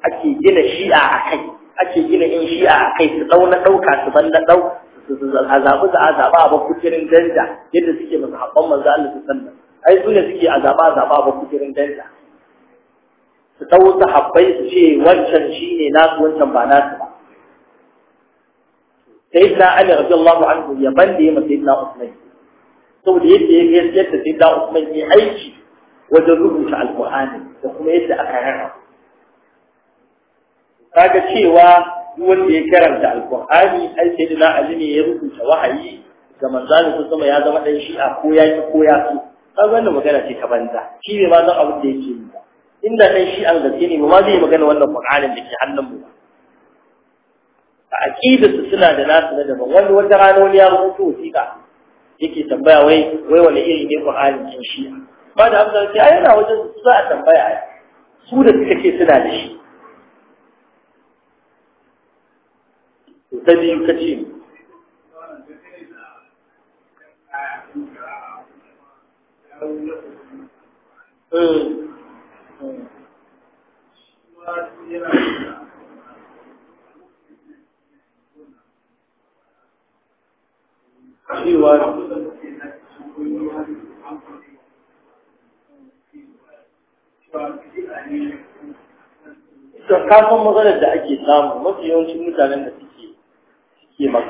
ake gina shi'a a kai ake gina yin shi'a a kai su ɗau na ɗauka su ban na ɗau a zaɓi za a zaɓa a bakukirin danja yadda suke masu haɓɓan manzo sama ai su ne suke a zaɓa a zaɓa a bakukirin danja su ɗau su haɓɓai su ce wancan shi ne nasu wancan ba nasu ba sayyidina ali Ali allahu anhu ya bande ma Sayyidina na Usman saboda yadda ya ga yadda sai da Usman ya aiki wajen rubuta alkur'ani da kuma yadda aka rarraba kaga cewa duk wanda ya karanta alkur'ani ai sai da Ali ne ya rubuta wahayi ga manzali ko kuma ya zama dan shi'a ko ya yi ko ya so kaga wannan magana ce ta banza shi ne ma zan abin da yake yi inda dan shi'an gaske ne ba ma zai magana wannan qur'anin da ke hannun mu ba a aqidarsu suna da nasu na daban wani wata rana wani ya rubuta wasiƙa yake tambaya wai wai wani iri ne Qur'ani cin shi ba da amsa sai yana wajen za a tambaya su da suka ce suna da shi ta biyu ka ce cewa kafin maganar da ake samu mafi yawancin mutanen da suke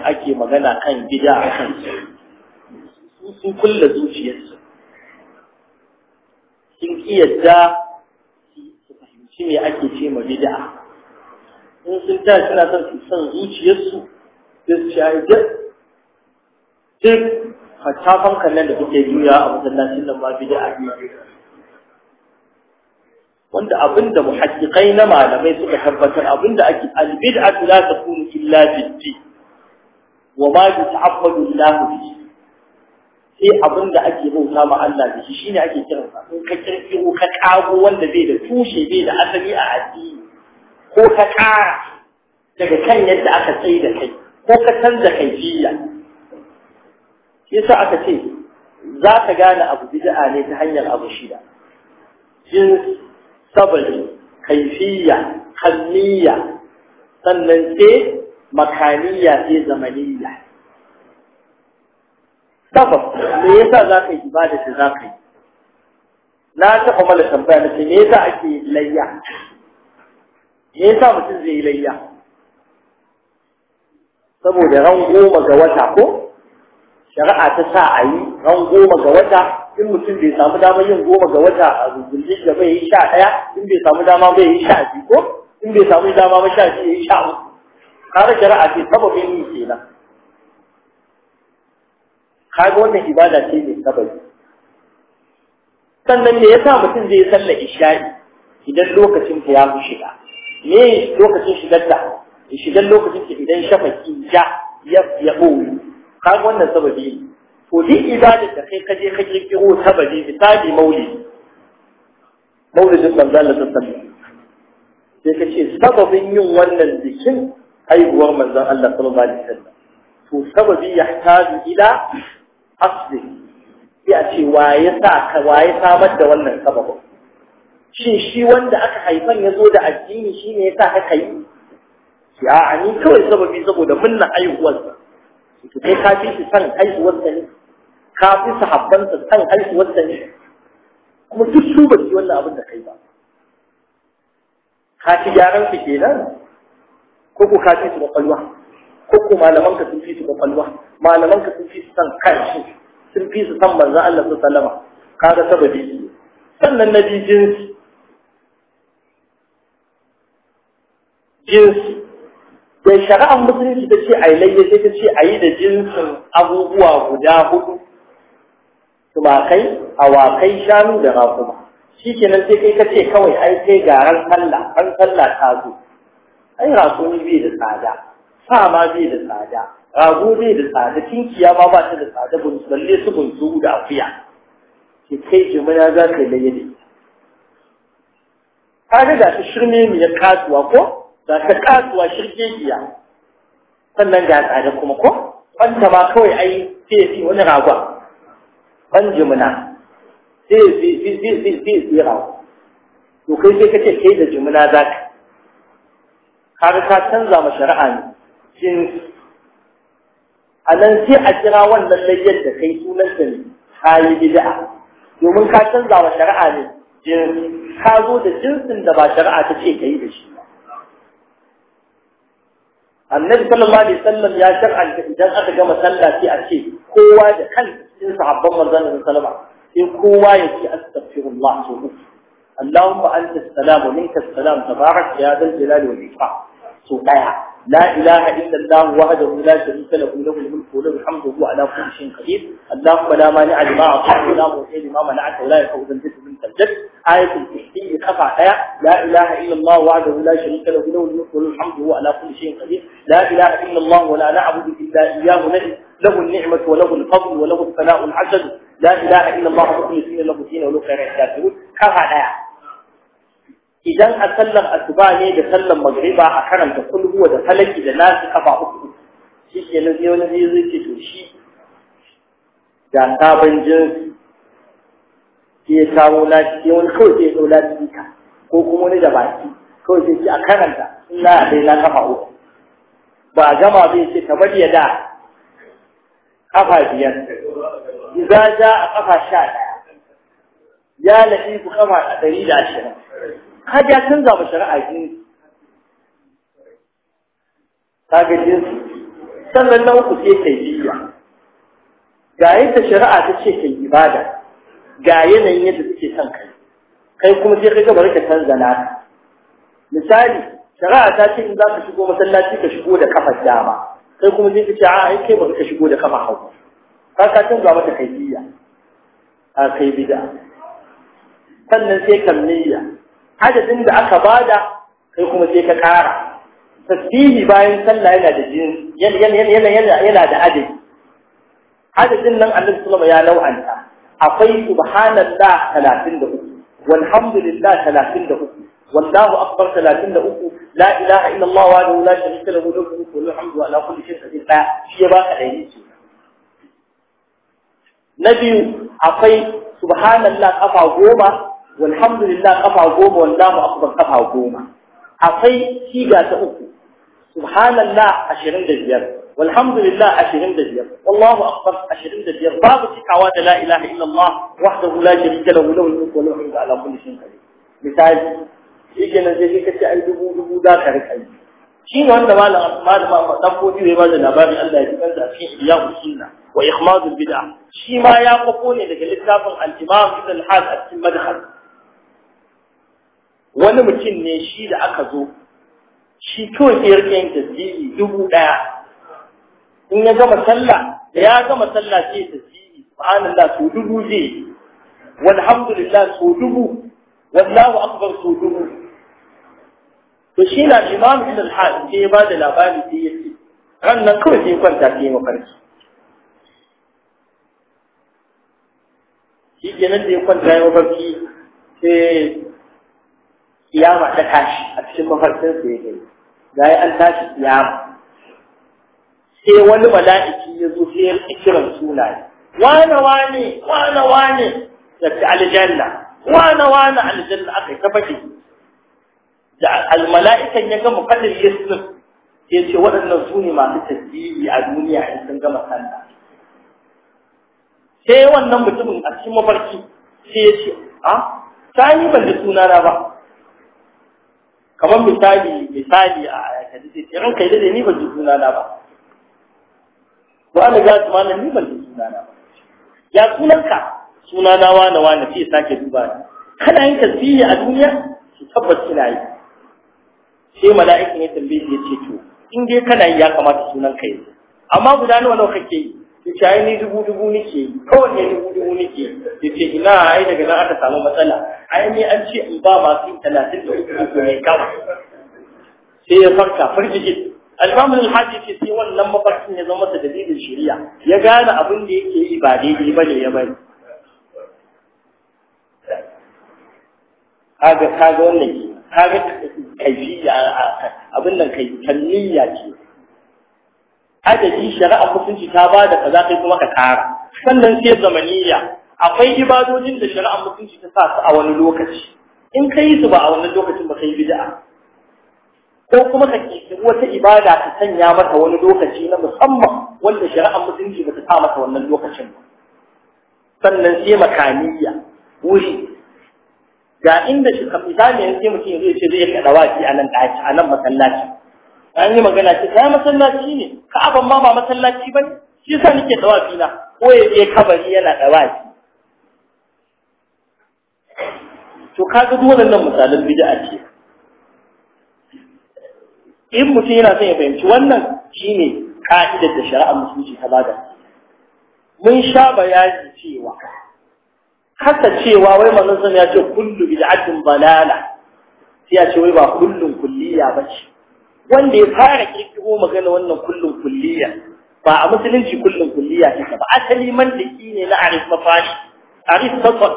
ake magana kan gida a kan su sun kulla zuciyarsu sun kiyarda su fahimci me ake ce ma gida. in sun tashi suna son su san zuciyarsu da su shi duk hattafan kallon da kuke juya a masallacin nan ma bid'a ne wanda abinda muhaddiqai na malamai suka tabbatar abinda ake albid'atu la takunu illa biddi wa ma yuta'abbadu Allah bi sai abinda ake bauta ma Allah da shi shine ake kiran sa in ka kirkiro ka kago wanda bai da tushe bai da asali a addini ko ka ƙara daga kan yadda aka tsaye da kai ko ka canza kaifiyya yasa aka ce za ka gane abu bid'a ne ta hanyar abu shida jin sabali kaifiyya kalmiya sannan ce makaniya ce zamaniya sabab me yasa za ka yi ibada da za ka yi na taɓa mala tambaya na ce me yasa ake layya me yasa mutum zai yi layya saboda ran goma ga wata ko shari'a ta sa a yi ran goma ga wata in mutum bai samu dama yin goma ga wata a rubutun da bai yi sha ɗaya in bai samu dama bai yi sha biyu ko in bai samu dama ba sha biyu ya yi sha uku kare shari'a ce sababin yi kenan kaga wannan ibada ce mai sababi sannan me yasa mutum zai sallar isha'i idan lokacin ta ya fi shiga me lokacin shigar da shigar lokacin ta idan shafaki ja ya ya boye kan wannan sababi to duk ibadar da kai kaje ka kirkiro sababi misali maulidi maulidin manzo Allah sallallahu alaihi sai ka ce sababin yin wannan bikin haihuwar manzo Allah sallallahu alaihi wasallam to sababi ya yahtaju ila asli ya ce waye sa ka waye samar da wannan sababin shin shi wanda aka haifan ya zo da addini shine yasa ka yi? ya ani kawai sababi saboda munna haihuwarsa to kai ka fi shi san haihuwar sa ne ka fi sahabban sa san haihuwar sa ne kuma duk su ba su wannan abin da kai ba ka fi gyaran su kenan ko ku ka fi su kwakwalwa ko ku malaman ka sun fi su kwakwalwa malaman ka sun fi su san kanshi sun fi su san manzo Allah su sallama kaga sababi sannan na bi jinsi jinsi da shari'ar musulunci ta ce a yi layya sai ta ce a yi da jinsin abubuwa guda hudu tumakai awakai shanu da rakuma shi kenan sai kai ka ce kawai ai kai ga ran sallah ran sallah ta zo ai rasumi bai da tsada sa ma bai da tsada rago bai da tsada kinkiya ma ba ta da tsada balle su bunzu da akuya ke kai jimina za ka yi layya da ita ka ga da shirme mu kasuwa ko za ka kasuwa shirgegiya sannan ga tsada kuma ko banta ma kawai ai sai ya fi wani ragon ban jimina sai ya fi sai ya ragon to kai sai kace kai da jimina za ka kaga ka canza ma shari'a ne shin a nan sai a kira wannan layyar da kai sunan da ne kayi bid'a domin ka canza ma shari'a ne jin ka zo da jinsin da ba shari'a ta ce ka yi da shi annabi sallallahu alaihi wasallam ya shar'anta idan aka gama sallah sai a ce kowa da kan cikin sahabban manzon sallallahu alaihi wasallam sai kowa ya ce astaghfirullah so Allahumma anta as-salamu minka as-salam tabarak ya dal jalali wal ikram so daya لا إله إلا الله وحده لا شريك له له الملك وله الحمد وهو على كل شيء قدير اللهم لا مانع لما أعطيت ولا معطي لما منعت ولا يفوز الجد منك الجد ayatul kursi kafa daya la ilaha illa Allah wahdahu la sharika lahu lahu al-mulku wa al-hamdu wa ala kulli shay'in qadir la ilaha illa Allah wa la na'budu illa iyyahu lahu an-ni'matu wa lahu al-fadlu wa lahu al-thana'u al-hasan la ilaha illa Allah mukhlisina lahu din wa lahu khairu al-kafirun kafa daya idan a sallar asuba ne da sallan magriba a karanta kulhu da falaki da nasu kafa uku shi ke na zai wani zai zai ce to shi da sabon jinsi ke ya kawo lafi wani kawai ke ya kawo ka ko kuma wani da baki kawai sai ce a karanta ina dai na kafa uku ba gama zai ce kamar ya da kafa biyar iza ja a kafa sha ɗaya ya lafi ku kafa a dari da ashirin har ya canza ma shari'a biyu ta ga jinsu sannan na uku sai kai biya ga yadda shari'a ta ce kai ibada ga yanayin yadda suke son kai kai kuma sai kai bari ka canza na misali shari'a ta ce in za ka shigo masallaci ka shigo da kafa dama kai kuma sai ka ce a ai kai ba ka shigo da kafa hagu ka ka canza mata kaifiya a kai bid'a sannan sai ka kamiyya adadin da aka bada kai kuma sai ka ƙara tasbihi bayan sallah yana da jin yana yana yana yana da adadi adadin nan Allah sallallahu alaihi wasallam ya lau'anta akwai subhanallah uku, walhamdulillah 33 والله أكبر 33 لا إله إلا الله وحده لا شريك له له الملك وله الحمد وعلى كل شيء قدير ba shi ba ka dai shi nabi akwai subhanallah kafa goma walhamdulillah kafa goma wallahu akbar kafa goma akwai siga ta uku subhanallah biyar. walhamdulillah 25 wallahu akbar 25 babu cikawa da la ilaha illallah wahdahu la sharika lahu lahu al-mulku wa lahu al-hamdu ala misali shi kenan sai ka ce ai dubu dubu da ka rika yi shi wanda malam malama dan fodi ya ba da labarin Allah ya fitar da shi iya usunna wa ikhmadul bid'a shi ma ya kwafo ne daga littafin al-imam ibn al-haq a cikin madkhal wani mutum ne shi da aka zo shi kawai sai ya rike dubu in ya gama sallah da ya gama sallah ce ta ji subhanallah so dubu zai walhamdulillah so dubu wallahu akbar so dubu to shi na imam ibn al-hasan sai ya bada labari sai ya ce ran nan kawai sai kwanta sai mafarki shi kenan da ya kwanta ya mafarki sai kiyama ta tashi a cikin mafarkin sai ya gani ga an tashi kiyama sai wani mala'iki ya zo sai ya kira sunaye wane wane wane wane ta aljanna wane wane aljanna aka yi ta fake da almala'ikan ya gama fadin listin ya ce waɗannan su ne masu tasiri a duniya in sun gama sallah sai wannan mutumin a cikin mafarki sai ya ce a yi ban da sunana ba kamar misali misali a yakaci sai in kai da ni ban da sunana ba wani za su malam ni da sunana ya sunanka sunana wane wane fiye sake duba ne kana yin tasiri a duniya su tabbas suna yi sai mala'ikin ya tambaye shi ya ce to in dai kana yi ya kamata sunan ka yi amma guda nawa nawa kake yi ce ai ni dubu dubu nake yi kawai ne dubu dubu nake ya ce ina ai daga nan aka samu matsala ai ni an ce in ba masu talatin da uku ne kawai sai ya farka firgijin alfamun alhaji ce sai wannan mafarkin ya zama masa dalilin shari'a ya gane abin da yake yi ba daidai ba ne ya bari kaga kaga wannan ke kaga kaifiya abin nan kai kalliya ce adadi shari'a mutunci ta ba da kaza kai kuma ka kara sannan sai zamaniya akwai ibadojin da shari'a mutunci ta sa su a wani lokaci in kai su ba a wani lokacin ba kai bid'a ko kuma ka kirkiri wata ibada ka sanya mata wani lokaci na musamman wanda shari'ar musulunci ba ta sa mata wannan lokacin ba sannan sai makaniya wuri ga inda shi ka misali yanzu sai mutum zai ce zai kada waki a nan ɗaki a nan masallaci an yi magana ce kai masallaci ne Ka ka'aban ma ba masallaci ba ne shi sa nake dawafi na ko ya je kabari yana dawafi to kaga duk wannan misalan bid'a ce in mutum yana son ya fahimci wannan ne ka'idar da shari'ar musulunci ta bada mun sha bayani cewa haka cewa wai manzon sun ya ce kullu bid'atin balala sai ya ce wai ba kullun kulliya ce. wanda ya fara kirkiro magana wannan kullun kulliya ba a musulunci kullun kulliya take ba asali ki ne na arif mafashi arif tatwa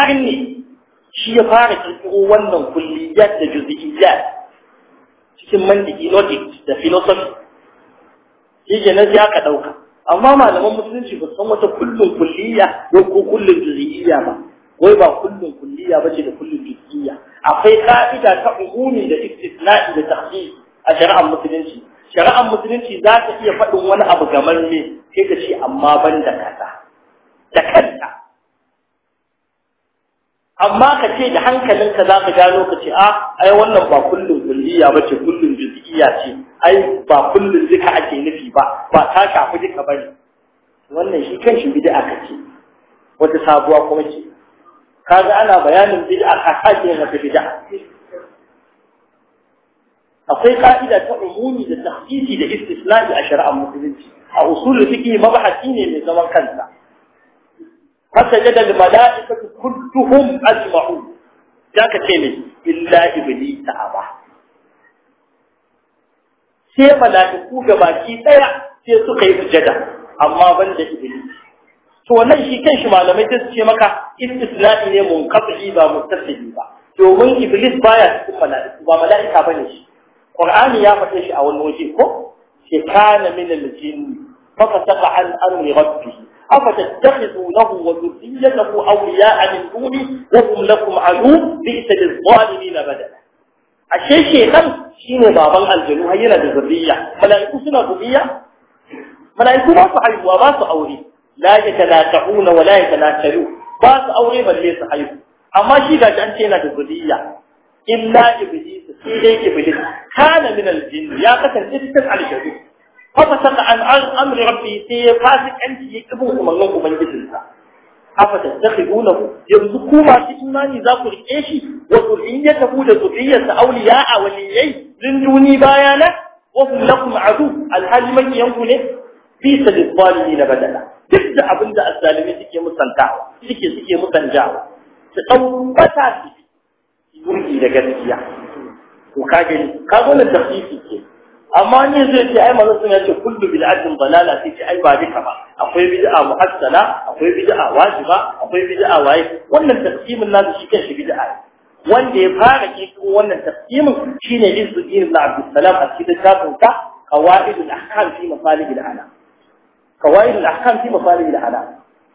arni shi ya fara kirkiro wannan kulliyat da juz'iyat cikin mantiki logic da philosophy shi ke nan sai aka ɗauka amma malaman musulunci ba san wata kullum kulliya ko ko kullum juz'iyya ba wai ba kullum kulliya bace da kullum juz'iyya akwai ka'ida ta umumi da istisna'i da takhsis a shari'ar musulunci shari'ar musulunci za ta iya faɗin wani abu gamar ne sai ka ce amma ban da kaza da kan amma ka ce da hankalinka za ka gano ka ce a ah, ai wannan ba kullum kulliya ba ce kullum jiziya ce ai ba kullum zika ake nufi ba ba ta shafi duka ba ne wannan shi kan shi bid'a ka ce wata sabuwa kuma ce kaga ana bayanin bid'a ka sake yin wata bid'a akwai ka'ida ta umumi da tahqiqi da istisna'i a shari'ar musulunci a usul fiqh mabahasi ne mai zaman kansa فسجد الملائكة كلهم أجمعون ذاك ne illa إبليس أبا sai mala'iku ga baki ɗaya sai suka yi sujada amma ban da iblis to wannan shi shi malamai sai su ce maka istisna'i ne munqati ba muttasili ba domin iblis baya cikin mala'iku ba mala'ika bane shi qur'ani ya faɗe shi a wani waje ko sai kana min al-jinn fa fasaqa an amri rabbih أفتتخذونه وذريته أولياء من دوني وهم لكم عدو بئس للظالمين بدلا ashe shekan shine baban aljanu har yana da zurriya mala'iku suna zurriya mala'iku ba su haihuwa ba su aure la yatalata'una wa la yatalatalu ba su aure balle su haihu amma shi gashi an ce yana da zurriya illa iblis sai dai iblis kana min ya kasance cikin saka ففسق عن امر ya سي فاسق انت يكبو من الله ubangijinsa afa ku? yanzu ku masu imani za ku rike shi wa zuriyatahu da zuriyarsa awliya'a waliyai lin duni bayana wa hum lakum adu alhali makiyanku ne fi sadqalihi na badala duk da abinda azzalimi suke musantawa suke suke musanjawa su ɗaukata su yi da gaskiya ko kage ka zo na tafsiri ke amma ne zai ce ai manzon sun ya ce kullu bid'atin dalala sai ce ai ba duka ba akwai bid'a muhassana akwai bid'a wajiba akwai bid'a waye wannan tafsimin nasu shi kanshi bid'a wanda ya fara kiko wannan tafsimin shine Izzuddin ibn Abdul a cikin tafsirin ka qawaid al-ahkam fi masalih al-ala qawaid ahkam fi masalih ala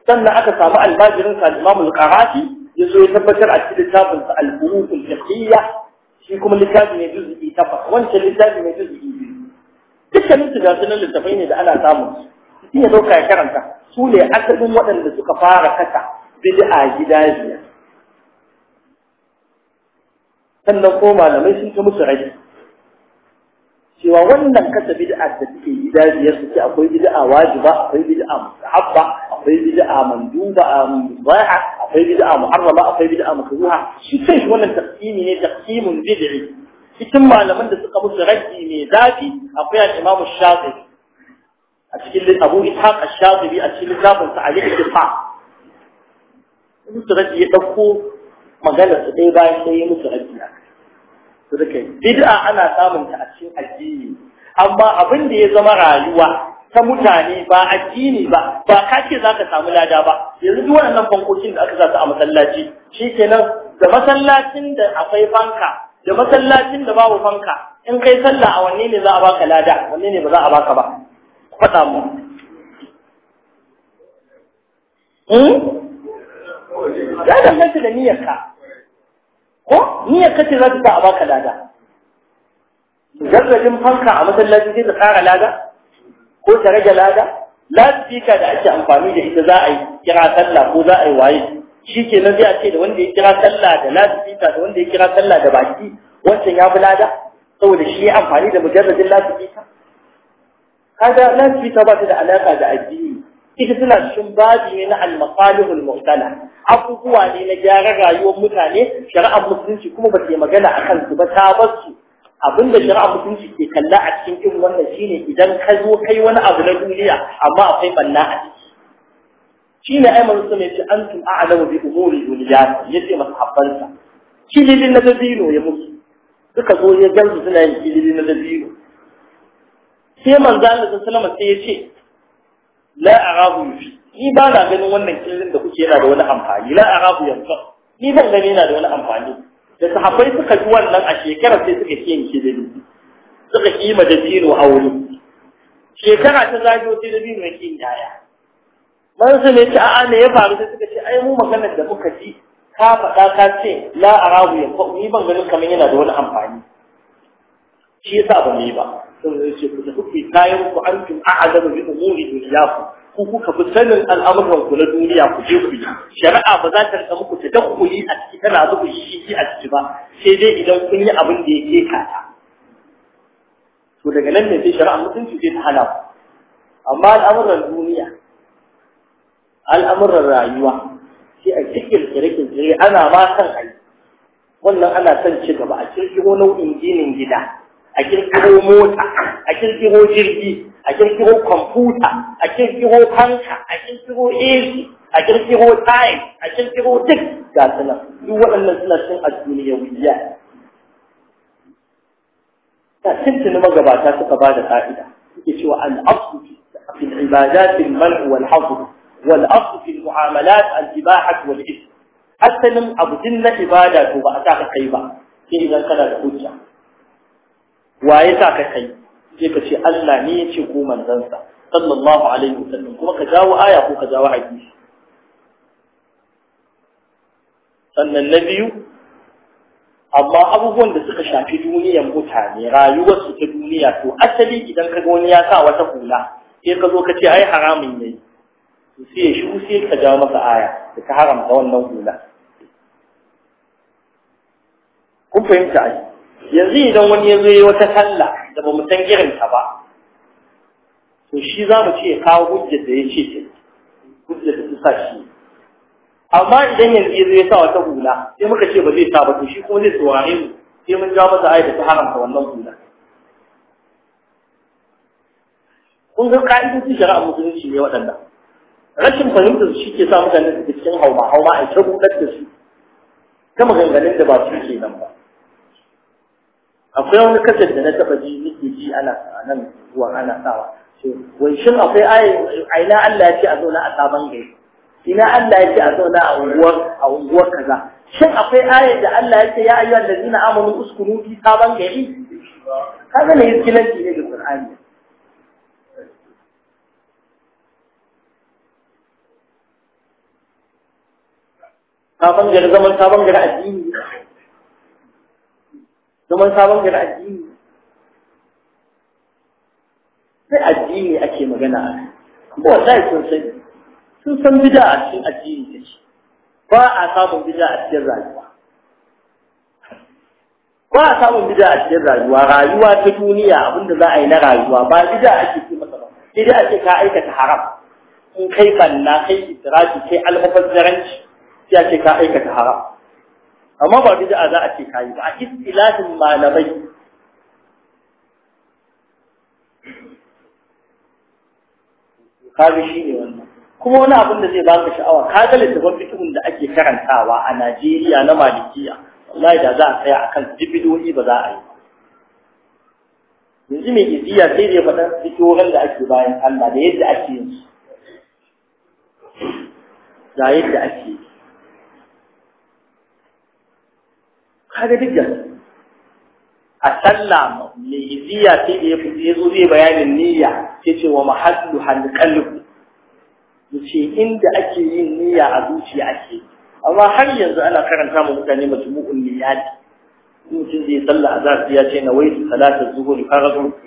sannan aka samu almajirin sa Imam al-Qarafi yazo ya tabbatar a cikin tafsirin sa al-furuq al-fiqhiyya shi kuma littafi ne juz'i 8 wancan littafi ne juz'i dukkanin su ga sunan littafai ne da ana samun su iya dauka ya karanta su ne asalin waɗanda suka fara kasa bid'a gida biyar sannan ko malamai sun ta musu rai cewa wannan kasa bid'a da take gida biyar su ce akwai bid'a wajiba akwai bid'a mustahabba akwai bid'a manduba um, akwai bid'a muharrama akwai bid'a makruha shi kai wannan taqsimi ne taqsimun bid'i cikin malaman da suka musu raddi mai zafi akwai al-Imam Shafi'i a cikin Abu Ishaq Ash-Shafi'i a cikin littafin sa Al-Ittifa musu raddi ya dauko magana su dai bayan sai ya musu raddi to dake bid'a ana samun ta a cikin addini amma abin da ya zama rayuwa ta mutane ba addini ba ba kace zaka samu lada ba yanzu duk waɗannan bankokin da aka sa su a masallaci kenan da masallacin da akwai fanka da masallacin da babu fanka in kai sallah a wanne ne za a baka lada wanne ne ba za a baka ba faɗa mu hmm? ya danganta da niyyarka ko niyyarka ce za ta sa a baka lada jarrajin fanka a masallacin sai ta tsara lada ko ta rage lada ka da ake amfani da ita za a yi kira sallah ko za a yi waye shi ke nan zai ce da wanda ya kira sallah da lasifita da wanda ya kira sallah da baki wancan ya fi lada saboda shi ya amfani da mujarrajin lasifita kaga lasifita ba ta da alaƙa da addini ita tana cikin babi ne na al-masalihul abubuwa ne na gyaran rayuwar mutane shari'ar musulunci kuma ba ta yi magana akan su ba ta bar su abinda shari'ar musulunci ke kalla a cikin irin wannan shine idan ka zo kai wani abu na duniya amma akwai banna a ciki shi ne ai manzo mai ce an tun a'lamu bi umuri duniya ya ce masa habbansa kililin na dabino ya musu suka zo ya gansu suna yin kililin na dabino sai manzo Allah sallama sai ya ce la arahu fi ni ba na ganin wannan kililin da kuke yana da wani amfani la arahu yanfa ni ban gani yana da wani amfani da sahabbai suka ji wannan a shekarar sai suka ce yin kililin suka kima dabino a wuri shekara ta zagayo sai dabino yake yin yaya dan su ne a'a ne ya faru sai suka ce ai mu maganar da muka ji ka faɗa ka ce la arabu ya fa ni ban ganin kamar yana da wani amfani shi yasa ba mu yi ba sun zai ce ku tafi kayan ku an tun a'azama bi umuri duniyaku ku kuka fi sanin al'amuran ku na duniya ku je ku yi shari'a ba za ta rika muku ta dakkuli a ciki tana zuba shi a ciki ba sai dai idan kun yi abin da ya ke kata to daga nan ne sai shari'a mutunci zai ta hana ku amma al'amuran duniya al'amuran rayuwa sai a cikin kirkire ana ma san ai wannan ana son ci gaba a kirkiro nau'in ginin gida a kirkiro mota a kirkiro jirgi a kirkiro kwamfuta a kirkiro fanka a kirkiro AC a kirkiro time a kirkiro duk ga suna duk waɗannan suna cin a duniya wuya ta tuntuni magabata suka ba da ka'ida suke cewa al'afu fi ibadat al-mal'u wal-hazr والأصل في المعاملات الإباحة والإثم أسلم أبو دلة إبادة وبأتاك قيبة إذا كان الحجة وأتاك قيبة يبقى شيء ألا نيتي قوما زنسا صلى الله عليه وسلم كما كجاو آية وكجاو حديث أن النبي amma abubuwan da suka shafi duniyar mutane rayuwarsu ta duniya to asali idan ka ga wani ya sa wata hula sai ka zo ka ce ai to sai ya shu sai ka ja masa aya da ka haramta wannan hula kun fahimta ai yanzu idan wani ya zo yi wata talla da ba mu san irin ta ba to shi za mu ce kawo hujjar da ya ce ta hujjar da ta shi amma idan yanzu ya zo ya sa wata hula sai muka ce ba zai sa ba to shi kuma zai saurare mu sai mun ja masa aya da ta haramta wannan hula kun ga ka'idodin shari'a musulunci ne waɗanda. rashin fahimtar shi ke sa mutane su cikin hauma hauma a ta rudar da su ta maganganun da ba su ke nan ba akwai wani kasar da na taɓa ji nake ji ana nan zuwa ana sawa wai shin akwai aina Allah ya ce a zauna a sabon gari ina Allah ya ce a zauna a unguwar a unguwar kaza shin akwai ayar da Allah ya ce ya da zina amanu uskunu fi sabon gari kaga ne yiskilanci ne da Qur'ani sabon gari zaman sabon gari addini zaman sabon gari addini sai addini ake magana a kuma wallahi sun sani sun san bida a cikin addini ta ce ba a samun bida a cikin rayuwa ba a samun bida a cikin rayuwa rayuwa ta duniya abinda za a yi na rayuwa ba bida ake ce masa ba sai dai ake ka aikata haram in kai banna kai israfi kai almubazzaranci sai a ce ka aikata haram amma ba bid'a za a ce ka yi ba a istilahin malamai kaga shi ne wannan kuma wani abin da zai baka sha'awa ka ga littafin fikihin da ake karantawa a Najeriya na Malikiya wallahi da za a tsaya akan dibidoyi ba za a yi yanzu mai iziya sai da ya faɗa fitoran da ake bayan Allah da yadda ake yin su da yadda ake yi kaga duk da a sallah mai iziya sai da ya fi ya zo zai bayanin niyya sai ce wa mahallu halqalb yace inda ake yin niyya a zuciya ake amma har yanzu ana karanta mu mutane majmu'un niyyat mutum zai sallah azhar ya ce na wai salatu zuhur zuhur